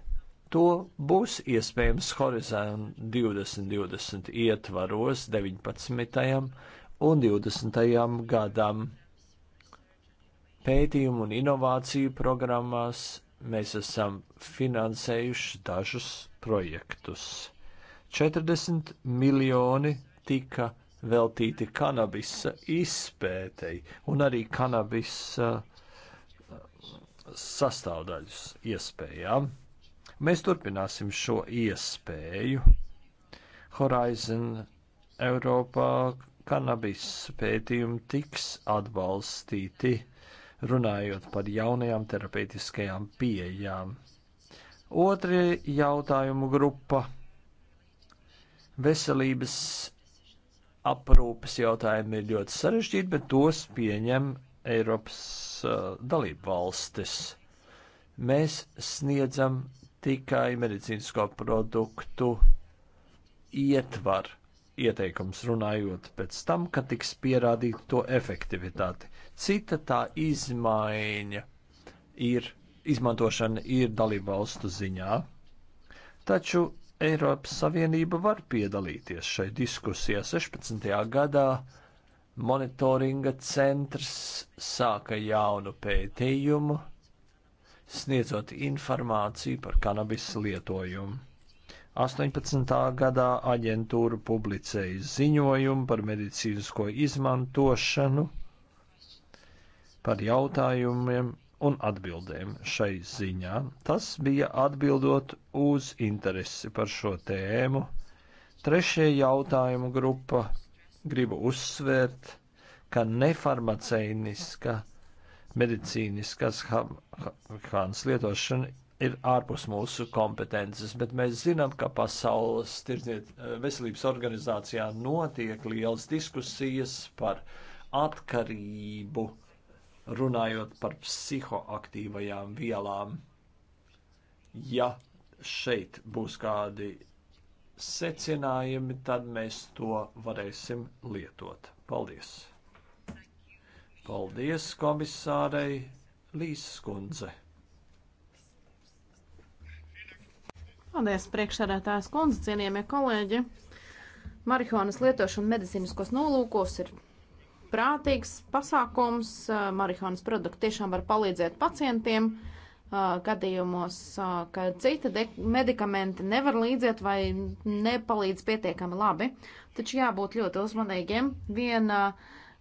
to būs iespējams Horizon 2020 ietvaros 19. un 20. gadam. Pētījumu un inovāciju programmās mēs esam finansējuši dažus projektus. 40 miljoni tika veltīti kanabisa izpētei un arī kanabisa uh, sastāvdaļas iespējām. Mēs turpināsim šo iespēju. Horizon Eiropā kanabis pētījumi tiks atbalstīti, runājot par jaunajām terapeitiskajām pieejām. Otrie jautājumu grupa - veselības aprūpes jautājumi ir ļoti sarežģīti, bet tos pieņem Eiropas uh, dalību valstis. Mēs sniedzam tikai medicīnisko produktu ietvaru ieteikums runājot pēc tam, kad tiks pierādīta to efektivitāte. Cita tā izmaiņa ir, izmantošana ir dalību valstu ziņā, taču Eiropas Savienība var piedalīties šai diskusijā 16. gadā monitoringa centrs sāka jaunu pētījumu, sniedzot informāciju par kanabis lietojumu. 18. gadā aģentūra publicēja ziņojumu par medicīnisko izmantošanu, par jautājumiem un atbildēm šai ziņā. Tas bija atbildot uz interesi par šo tēmu. Trešie jautājumu grupa gribu uzsvērt, ka nefarmaceiniska medicīniskās hānas lietošana ir ārpus mūsu kompetences, bet mēs zinām, ka Pasaules tirdziet, eh, veselības organizācijā notiek lielas diskusijas par atkarību, runājot par psihoaktīvajām vielām. Ja šeit būs kādi secinājumi, tad mēs to varēsim lietot. Paldies! Paldies komisārei Līsas kundze! Paldies, priekšsēdētājas kundze, cienījamie kolēģi! Marihuānas lietošana medicīniskos nolūkos ir prātīgs pasākums. Marihuānas produkti tiešām var palīdzēt pacientiem gadījumos, kad citi medikamenti nevar līdzēt vai nepalīdz pietiekami labi. Taču jābūt ļoti uzmanīgiem. Viena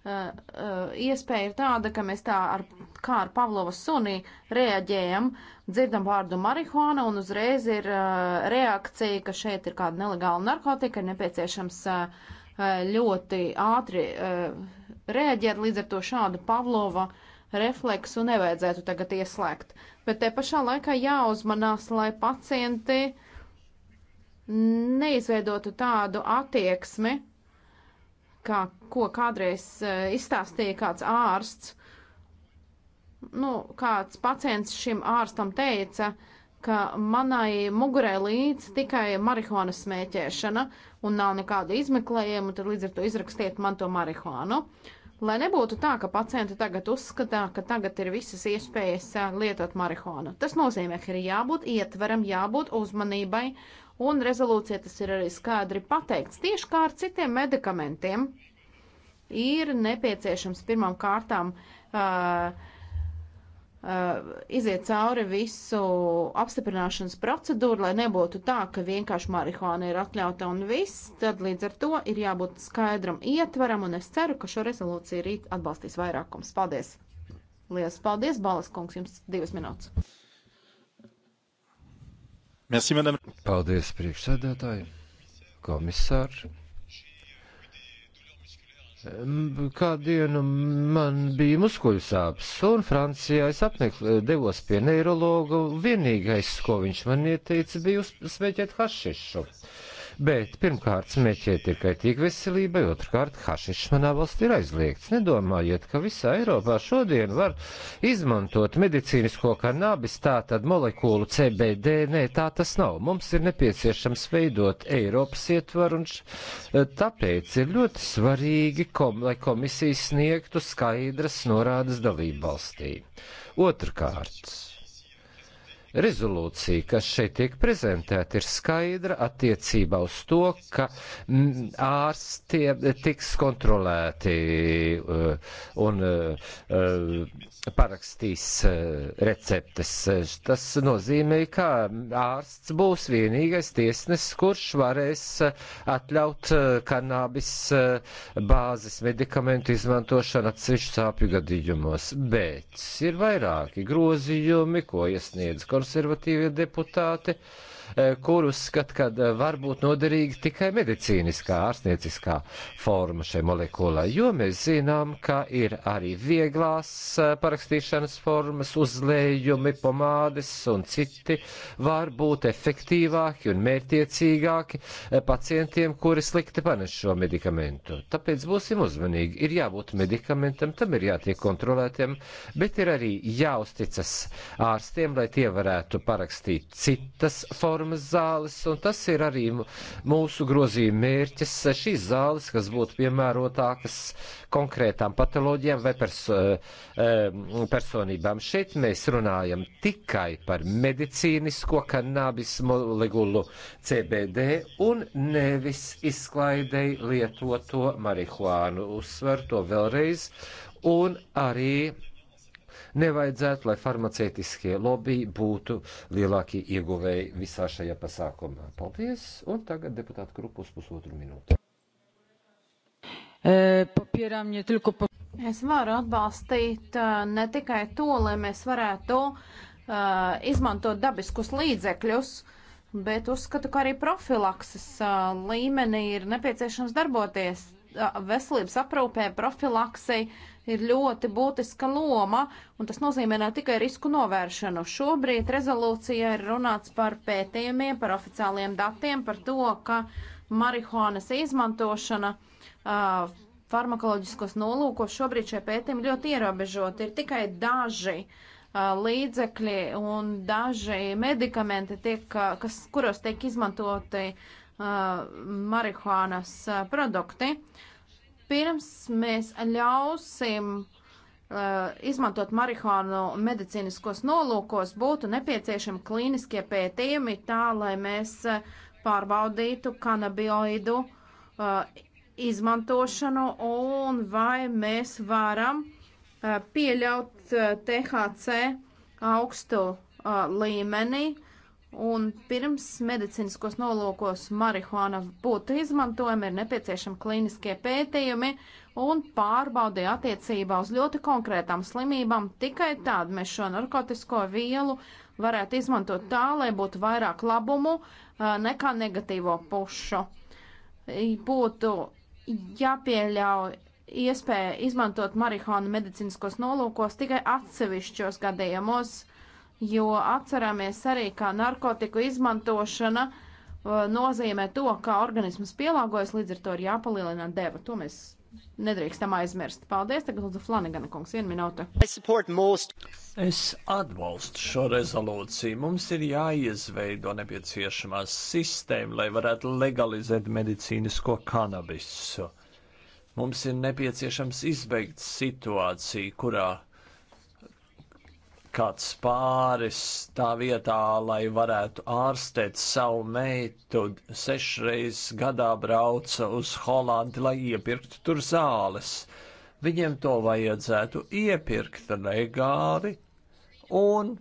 iespēja ir tāda, ka mēs tā ar, kā ar Pavlovas suni reaģējam, dzirdam vārdu marihuana un uzreiz ir reakcija, ka šeit ir kāda nelegāla narkotika, ir nepieciešams ļoti ātri reaģēt, līdz ar to šādu Pavlova uh, refleksu nevajadzētu tagad ieslēgt. Bet te pašā laikā jāuzmanās, lai pacienti neizveidotu tādu attieksmi, kā, ko kādreiz e, izstāstīja kāds ārsts. Nu, kāds pacients šim ārstam teica, ka manai mugurē līdz tikai marihuānas smēķēšana un nav nekāda izmeklējuma, tad līdz ar to izrakstiet man to marihuānu. Uh, Lai nebūtu tā, ka pacienti tagad uzskatā, ka tagad ir visas iespējas eh, lietot marihuānu. Tas nozīmē, ka ir jābūt ietveram, jābūt uzmanībai, un rezolūcija tas ir arī skaidri pateikts. Tieši kā ar citiem medikamentiem ir nepieciešams pirmām kārtām uh, Eh, iziet cauri visu apstiprināšanas procedūru, lai nebūtu tā, ka vienkārši marihuāna ir atļauta un viss, tad līdz ar to ir jābūt skaidram ietvaram, un es ceru, ka šo rezolūciju rīt atbalstīs vairākums. Paldies! Lielas paldies, Balas kungs, jums divas minūtes. Merci, madame. Paldies, priekšsēdētāji, komisāri. Kādu dienu man bija muskuļu sāpes, un Francijā es apmeklēju, eh, devos pie neirologa. Vienīgais, ko viņš man ieteica, bija smēķēt hašišu. Uh, Bet pirmkārt, smēķē tikai tik veselībai, otrkārt, hašišs manā valstī ir aizliegts. Nedomājiet, ka visā Eiropā šodien var izmantot medicīnisko kanābis, tā tad molekulu CBD, nē, tā tas nav. Mums ir nepieciešams veidot Eiropas ietvaru, un e, tāpēc ir ļoti svarīgi, kom, lai komisija sniegtu skaidras norādes dalību valstī. Otrkārt, Rezolūcija, kas šeit tiek prezentēta, ir skaidra attiecībā uz to, ka mm, ārstie tiks kontrolēti eh, un eh, parakstīs eh, receptes. Tas nozīmē, ka ārsts būs vienīgais tiesnesis, kurš varēs atļaut kanābis bāzes medikamentu izmantošanu atsevišķu sāpju gadījumos. Bet ir vairāki grozījumi, ko iesniedz konsultācija konservatīvie deputāti. Uh, Eh, kur uzskat, ka eh, var būt noderīga tikai medicīniskā, ārstnieciskā forma šai molekulai, jo mēs zinām, ka ir arī vieglās eh, parakstīšanas formas, uzlējumi, pomādes un citi var būt efektīvāki un mērtiecīgāki pacientiem, kuri slikti panes šo medikamentu. Tāpēc būsim uzmanīgi. Ir jābūt medikamentam, tam ir jātiek kontrolētiem, bet ir arī jāuzticas ārstiem, lai tie varētu parakstīt citas formas platformas zāles, un tas ir arī mūsu grozījuma mērķis - šīs zāles, kas būtu piemērotākas konkrētām patoloģijām vai perso eh, eh, personībām. Šeit mēs runājam tikai par medicīnisko kanābis molegulu CBD un nevis izklaidei lietoto marihuānu. Uzsver to vēlreiz. Un arī Nevajadzētu, lai farmaceitiskie lobby būtu lielākie ieguvēji visā šajā pasākumā. Paldies, un tagad deputāta grupu uz pusotru minūti. E, es varu atbalstīt e, ne tikai to, lai mēs varētu uh, izmantot dabiskus līdzekļus, bet uzskatu, ka arī profilakses uh, līmenī ir nepieciešams darboties veselības aprūpē, profilaksei ir ļoti būtiska loma, un tas nozīmē ne tikai risku novēršanu. Šobrīd rezolūcijā ir runāts par pētījumiem, par oficiāliem datiem, par to, ka marihuānas izmantošana uh, farmakoloģiskos nolūkos šobrīd šie pētījumi ļoti ierobežoti. Ir tikai daži uh, līdzekļi un daži medikamenti, tiek, kas, kuros tiek izmantoti uh, marihuānas produkti. Pirms mēs ļausim izmantot marihuānu medicīniskos nolūkos, būtu nepieciešami klīniskie pētījumi tā, lai mēs pārbaudītu kanabioidu izmantošanu un vai mēs varam pieļaut THC augstu līmenī Un pirms medicīniskos nolūkos marihuāna būtu izmantojama, ir nepieciešami klīniskie pētījumi un pārbaudi attiecībā uz ļoti konkrētām slimībām. Tikai tādu mēs šo narkotisko vielu varētu izmantot tā, lai būtu vairāk labumu nekā negatīvo pušu. Būtu jāpieļauj iespēja izmantot marihuānu medicīniskos nolūkos tikai atsevišķos gadījumos jo atceramies arī, kā narkotiku izmantošana uh, nozīmē to, kā organisms pielāgojas, līdz ar to ir jāpalielina deva. To mēs nedrīkstam aizmirst. Paldies, tagad lūdzu Flanagana kungs, vienu minūtu. Es atbalstu šo rezolūciju. Mums ir jāiezveido nepieciešamā sistēma, lai varētu legalizēt medicīnisko kanabisu. Mums ir nepieciešams izbeigt situāciju, kurā kāds pāris tā vietā, lai varētu ārstēt savu meitu, sešreiz gadā brauca uz Holandi, lai iepirktu tur zāles. Viņiem to vajadzētu iepirkt legāli un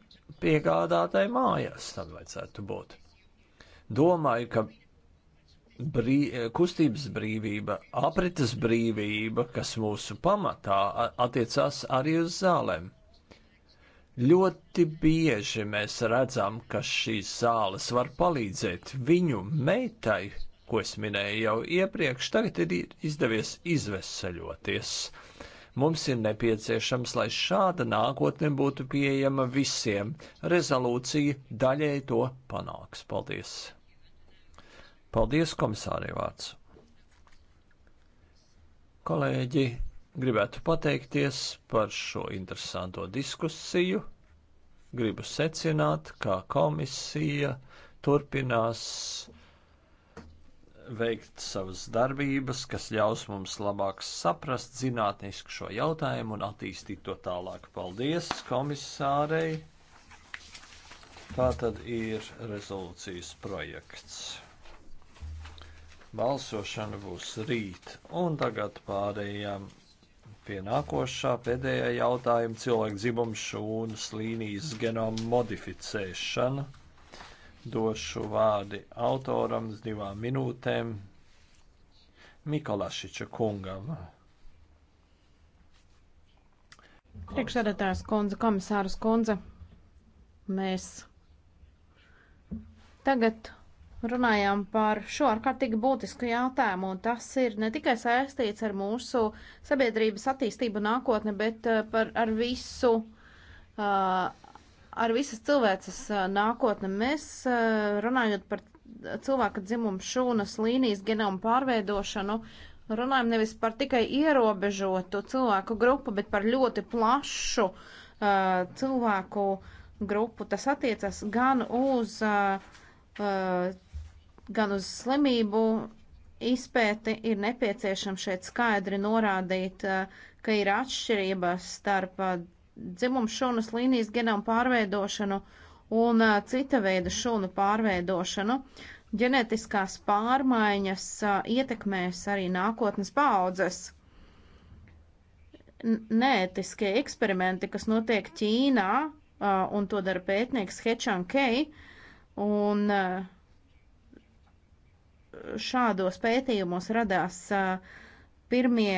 piegādātai mājās tam vajadzētu būt. Domāju, ka brī, kustības brīvība, aprites brīvība, kas mūsu pamatā attiecās arī uz zālēm Ļoti bieži mēs redzam, ka šīs zāles var palīdzēt viņu meitai, ko es minēju jau iepriekš, tagad ir izdevies izveseļoties. Mums ir nepieciešams, lai šāda nākotne būtu pieejama visiem. Rezolūcija daļai to panāks. Paldies! Paldies, komisārī vārds! Kolēģi, Gribētu pateikties par šo interesanto diskusiju. Gribu secināt, ka komisija turpinās veikt savas darbības, kas ļaus mums labāk saprast zinātnisku šo jautājumu un attīstīt to tālāk. Paldies komisārei! Tā tad ir rezolūcijas projekts. Balsošana būs rīt, un tagad pārējām Pie nākošā pēdējā jautājuma cilvēku dzimums šūnas līnijas genoma modificēšana. Došu vārdi autoram uz divām minūtēm Mikolašiča kungam. Priekšsēdētājs kundze, komisārs kundze, mēs tagad runājām par šo ārkārtīgi būtisku jautājumu, un tas ir ne tikai saistīts ar mūsu sabiedrības attīstību nākotni, bet uh, par, ar visu, uh, ar visas cilvēces uh, nākotni. Mēs runājot par cilvēka dzimumu šūnas līnijas genomu pārveidošanu, runājam nevis par tikai ierobežotu cilvēku grupu, bet par ļoti plašu cilvēku grupu. Tas attiecas gan uz uh, gan uz slimību izpēti ir nepieciešams šeit skaidri norādīt, eh, ka ir atšķirības starp eh, dzimumu šūnas līnijas genomu pārveidošanu un eh, cita veida šūnu pārveidošanu. Ģenetiskās pārmaiņas ietekmēs arī nākotnes paudzes. Nētiskie eksperimenti, kas notiek Ķīnā, un to dara pētnieks Hečan Kei, un uh, šādos pētījumos radās pirmie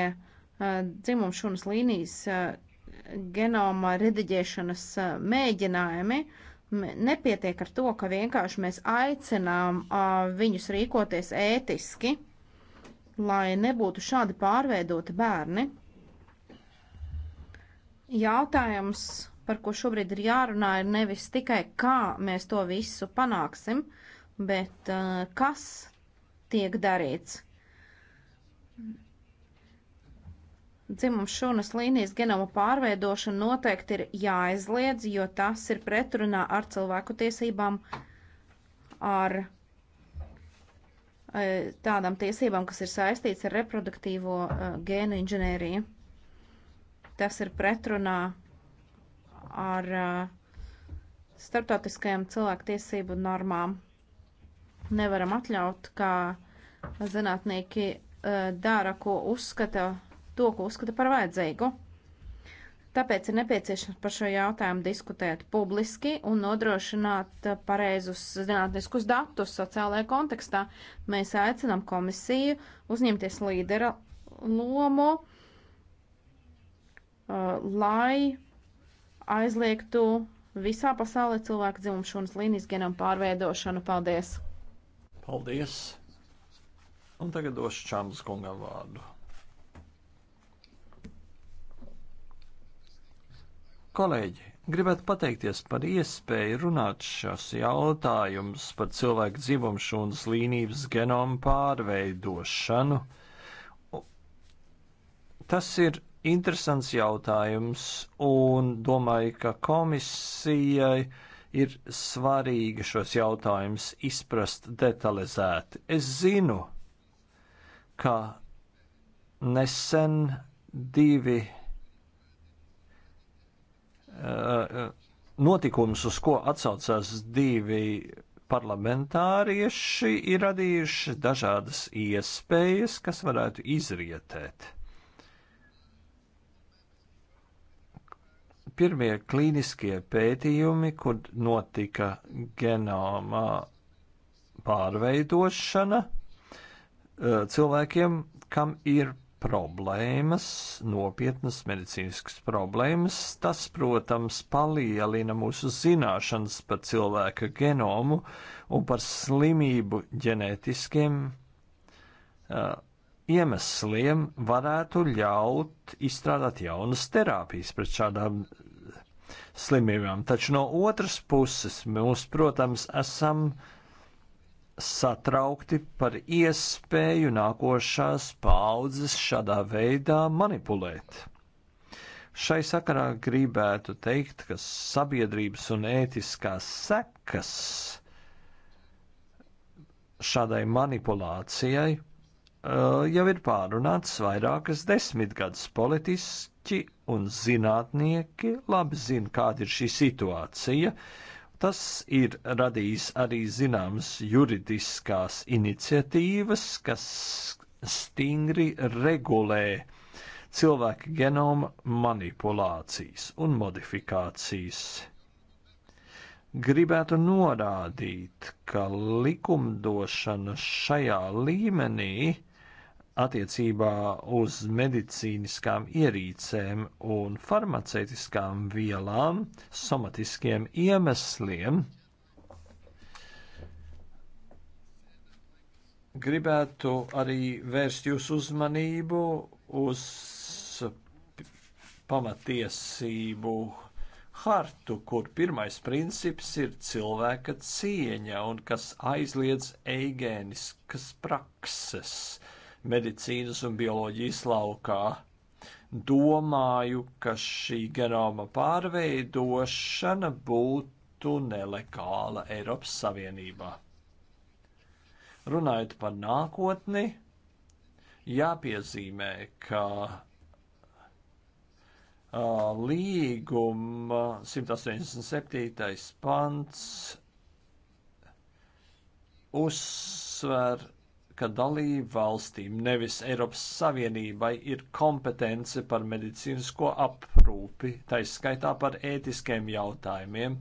dzimumšunas līnijas genoma rediģēšanas mēģinājumi. Nepietiek ar to, ka vienkārši mēs aicinām viņus rīkoties ētiski, lai nebūtu šādi pārveidoti bērni. Jautājums, par ko šobrīd ir jārunā, ir nevis tikai kā mēs to visu panāksim, bet uh, kas tiek darīts. Dzimuma šūnas līnijas genoma pārveidošana noteikti ir jāaizliedz, jo tas ir pretrunā ar cilvēku tiesībām, ar e, tādām tiesībām, kas ir saistīts ar reproduktīvo e, gēnu inženēriju. Tas ir pretrunā ar e, starptautiskajām cilvēku tiesību normām nevaram atļaut, kā zinātnieki eh, dara, ko uzskata, to, ko uzskata par vajadzīgu. Tāpēc ir nepieciešams par šo jautājumu diskutēt publiski un nodrošināt eh, pareizus zinātniskus datus sociālajā kontekstā. Mēs aicinām komisiju uzņemties līdera lomu, eh, lai aizliegtu visā pasaulē cilvēku dzimumšanas līnijas genam pārveidošanu. Paldies! Paldies! Un tagad došu Čāmas kungam vārdu. Kolēģi, gribētu pateikties par iespēju runāt šos jautājumus par cilvēku dzimumšūnas līnijas genomu pārveidošanu. Tas ir interesants jautājums, un domāju, ka komisijai ir svarīgi šos jautājumus izprast detalizēti. Es zinu, ka nesen divi uh, notikums, uz ko atsaucās divi parlamentārieši, ir radījuši dažādas iespējas, kas varētu izrietēt pirmie klīniskie pētījumi, kur notika genomā pārveidošana e, cilvēkiem, kam ir problēmas, nopietnas medicīniskas problēmas. Tas, protams, palielina mūsu zināšanas par cilvēka genomu un par slimību ģenētiskiem uh, iemesliem varētu ļaut izstrādāt jaunas terapijas pret šādām slimībām. Taču no otras puses mēs, protams, esam satraukti par iespēju nākošās paudzes šādā veidā manipulēt. Šai sakarā gribētu teikt, ka sabiedrības un ētiskās sekas šādai manipulācijai uh, jau ir pārunāts vairākas desmitgades politiski politiķi un zinātnieki labi zina, kāda ir šī situācija. Tas ir radījis arī zināmas juridiskās iniciatīvas, kas stingri regulē cilvēka genoma manipulācijas un modifikācijas. Gribētu norādīt, ka likumdošana šajā līmenī attiecībā uz medicīniskām ierīcēm un farmaceitiskām vielām, somatiskiem iemesliem, gribētu arī vērst jūsu uzmanību uz pamatiesību hartu, kur pirmais princips ir cilvēka cieņa un kas aizliedz eigēniskas prakses – medicīnas un bioloģijas laukā. Domāju, ka šī genoma pārveidošana būtu nelegāla Eiropas Savienībā. Runājot par nākotni, jāpiezīmē, ka līguma 187. pants uzsver ka dalību valstīm, nevis Eiropas Savienībai, ir kompetence par medicīnisko aprūpi, taiskaitā par ētiskiem jautājumiem.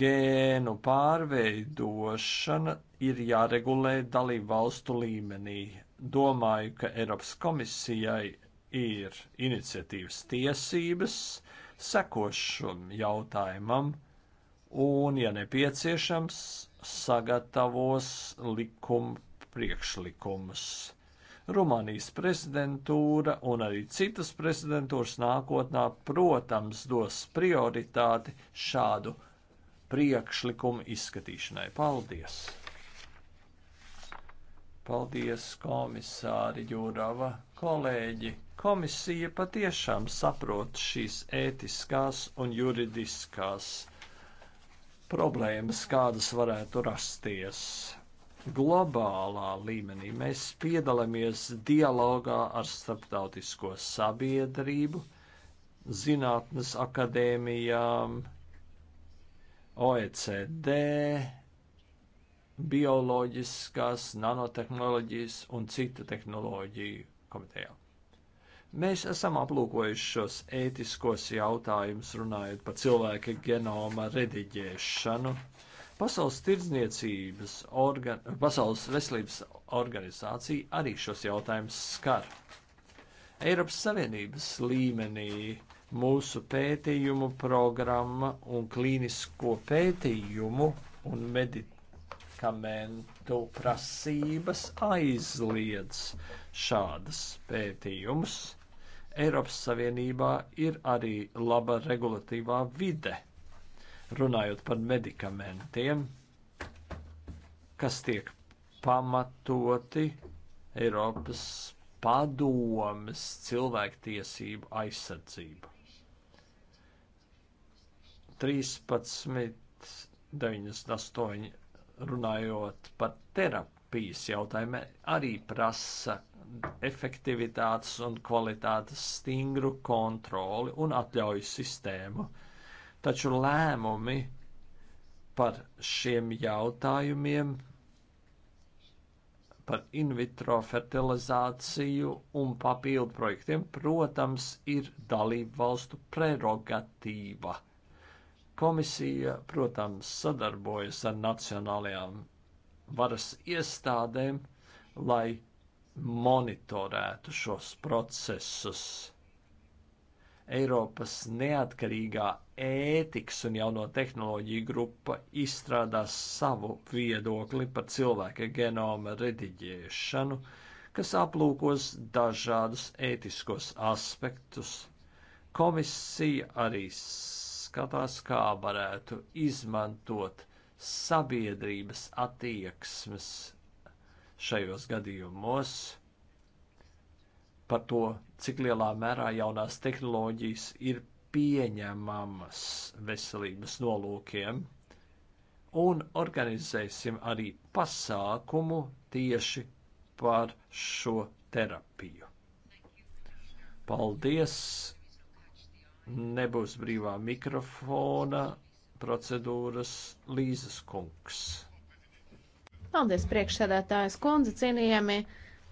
Gēnu pārveidošana ir jāregulē dalību valstu līmenī. Domāju, ka Eiropas komisijai ir iniciatīvas tiesības sekošam jautājumam, un, ja nepieciešams, sagatavos likuma priekšlikumus. Rumānijas prezidentūra un arī citas prezidentūras nākotnē, protams, dos prioritāti šādu priekšlikumu izskatīšanai. Paldies! Paldies, komisāri Jūrava, kolēģi! Komisija patiešām saprot šīs ētiskās un juridiskās problēmas, kādas varētu rasties. Globālā līmenī mēs piedalāmies dialogā ar starptautisko sabiedrību, zinātnes akadēmijām, OECD, bioloģiskās, nanotehnoloģijas un citu tehnoloģiju komitejām. Mēs esam aplūkojuši šos ētiskos jautājumus, runājot par cilvēka genoma rediģēšanu. Pasaules tirdzniecības, organ... Pasaules veselības organizācija arī šos jautājumus skar. Eiropas Savienības līmenī mūsu pētījumu programma un klīnisko pētījumu un medikamentu prasības aizliedz šādas pētījumus. Eiropas Savienībā ir arī laba regulatīvā vide. Runājot par medikamentiem, kas tiek pamatoti Eiropas padomes cilvēktiesību aizsardzību. 13, 98, runājot par terapijas jautājumiem, arī prasa efektivitātes un kvalitātes stingru kontroli un atļauju sistēmu. Taču lēmumi par šiem jautājumiem, par in vitro fertilizāciju un papildu projektiem, protams, ir dalību valstu prerogatīva. Komisija, protams, sadarbojas ar nacionālajām varas iestādēm, lai monitorētu šos procesus. Eiropas neatkarīgā ētikas un jauno tehnoloģiju grupa izstrādās savu viedokli par cilvēka genoma rediģēšanu, kas aplūkos dažādus ētiskos aspektus. Komisija arī skatās, kā varētu izmantot sabiedrības attieksmes šajos gadījumos par to, cik lielā mērā jaunās tehnoloģijas ir pieņemamas veselības nolūkiem, un organizēsim arī pasākumu tieši par šo terapiju. Paldies! Nebūs brīvā mikrofona procedūras Līzes kungs. Paldies, priekšsēdētājas kundze, cienījami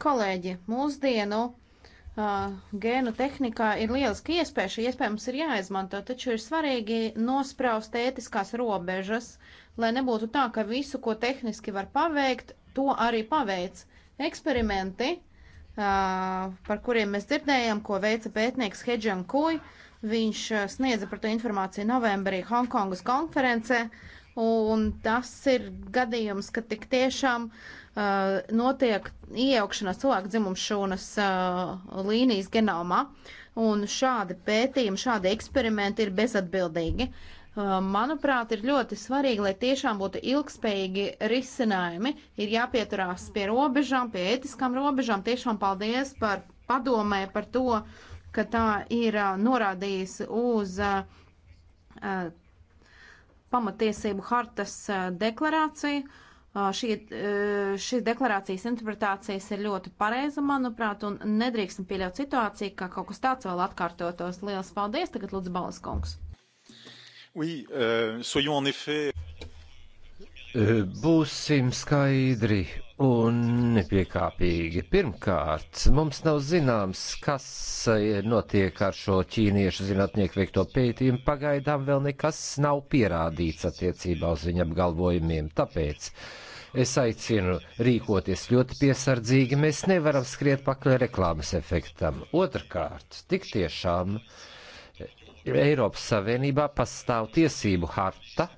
kolēģi. Mūsdienu uh, gēnu tehnikā ir lieliski iespēja, šī iespēja mums ir jāizmanto, taču ir svarīgi nospraust ētiskās robežas, lai nebūtu tā, ka visu, ko tehniski var paveikt, to arī paveic. Eksperimenti, uh, par kuriem mēs dzirdējām, ko veica pētnieks Hedžan Kuj, viņš sniedza par to informāciju novembrī Hongkongas konferencē, Un tas ir gadījums, ka tik tiešām uh, notiek iejaukšanās cilvēku dzimumšūnas uh, līnijas genomā. Un šādi pētījumi, šādi eksperimenti ir bezatbildīgi. Uh, manuprāt, ir ļoti svarīgi, lai tiešām būtu ilgspējīgi risinājumi. Ir jāpieturās pie robežām, pie ētiskām robežām. Tiešām paldies par padomē par to, ka tā ir uh, norādījusi uz uh, uh pamatiesību hartas eh, deklarāciju. Eh, šī, eh, šīs deklarācijas interpretācijas ir ļoti pareiza, manuprāt, un nedrīkstam pieļaut situāciju, ka kaut kas tāds vēl atkārtotos. Lielas paldies, tagad lūdzu Balas kungs. Oui, uh, Būsim skaidri un nepiekāpīgi. Pirmkārt, mums nav zināms, kas notiek ar šo ķīniešu zinātnieku veikto pētījumu. Pagaidām vēl nekas nav pierādīts attiecībā uz viņa apgalvojumiem. Tāpēc es aicinu rīkoties ļoti piesardzīgi. Mēs nevaram skriet pakaļ reklāmas efektam. Otrkārt, tik tiešām Eiropas Savienībā pastāv tiesību harta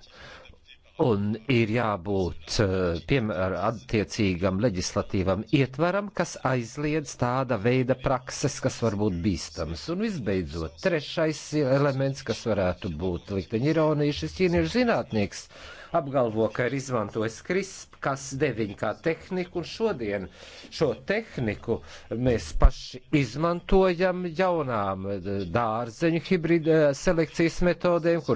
Un ir jābūt eh, piemēram attiecīgam leģislatīvam ietvaram, kas aizliedz tāda veida prakses, kas var būt bīstamas. Un visbeidzot, trešais elements, kas varētu būt likteņa ironija, šis ķīniešu zinātnieks apgalvo, ka ir izmantojis CRISP, kas deviņ kā tehniku, un šodien šo tehniku mēs paši izmantojam jaunām eh, dārzeņu hibrida eh, selekcijas metodēm, kur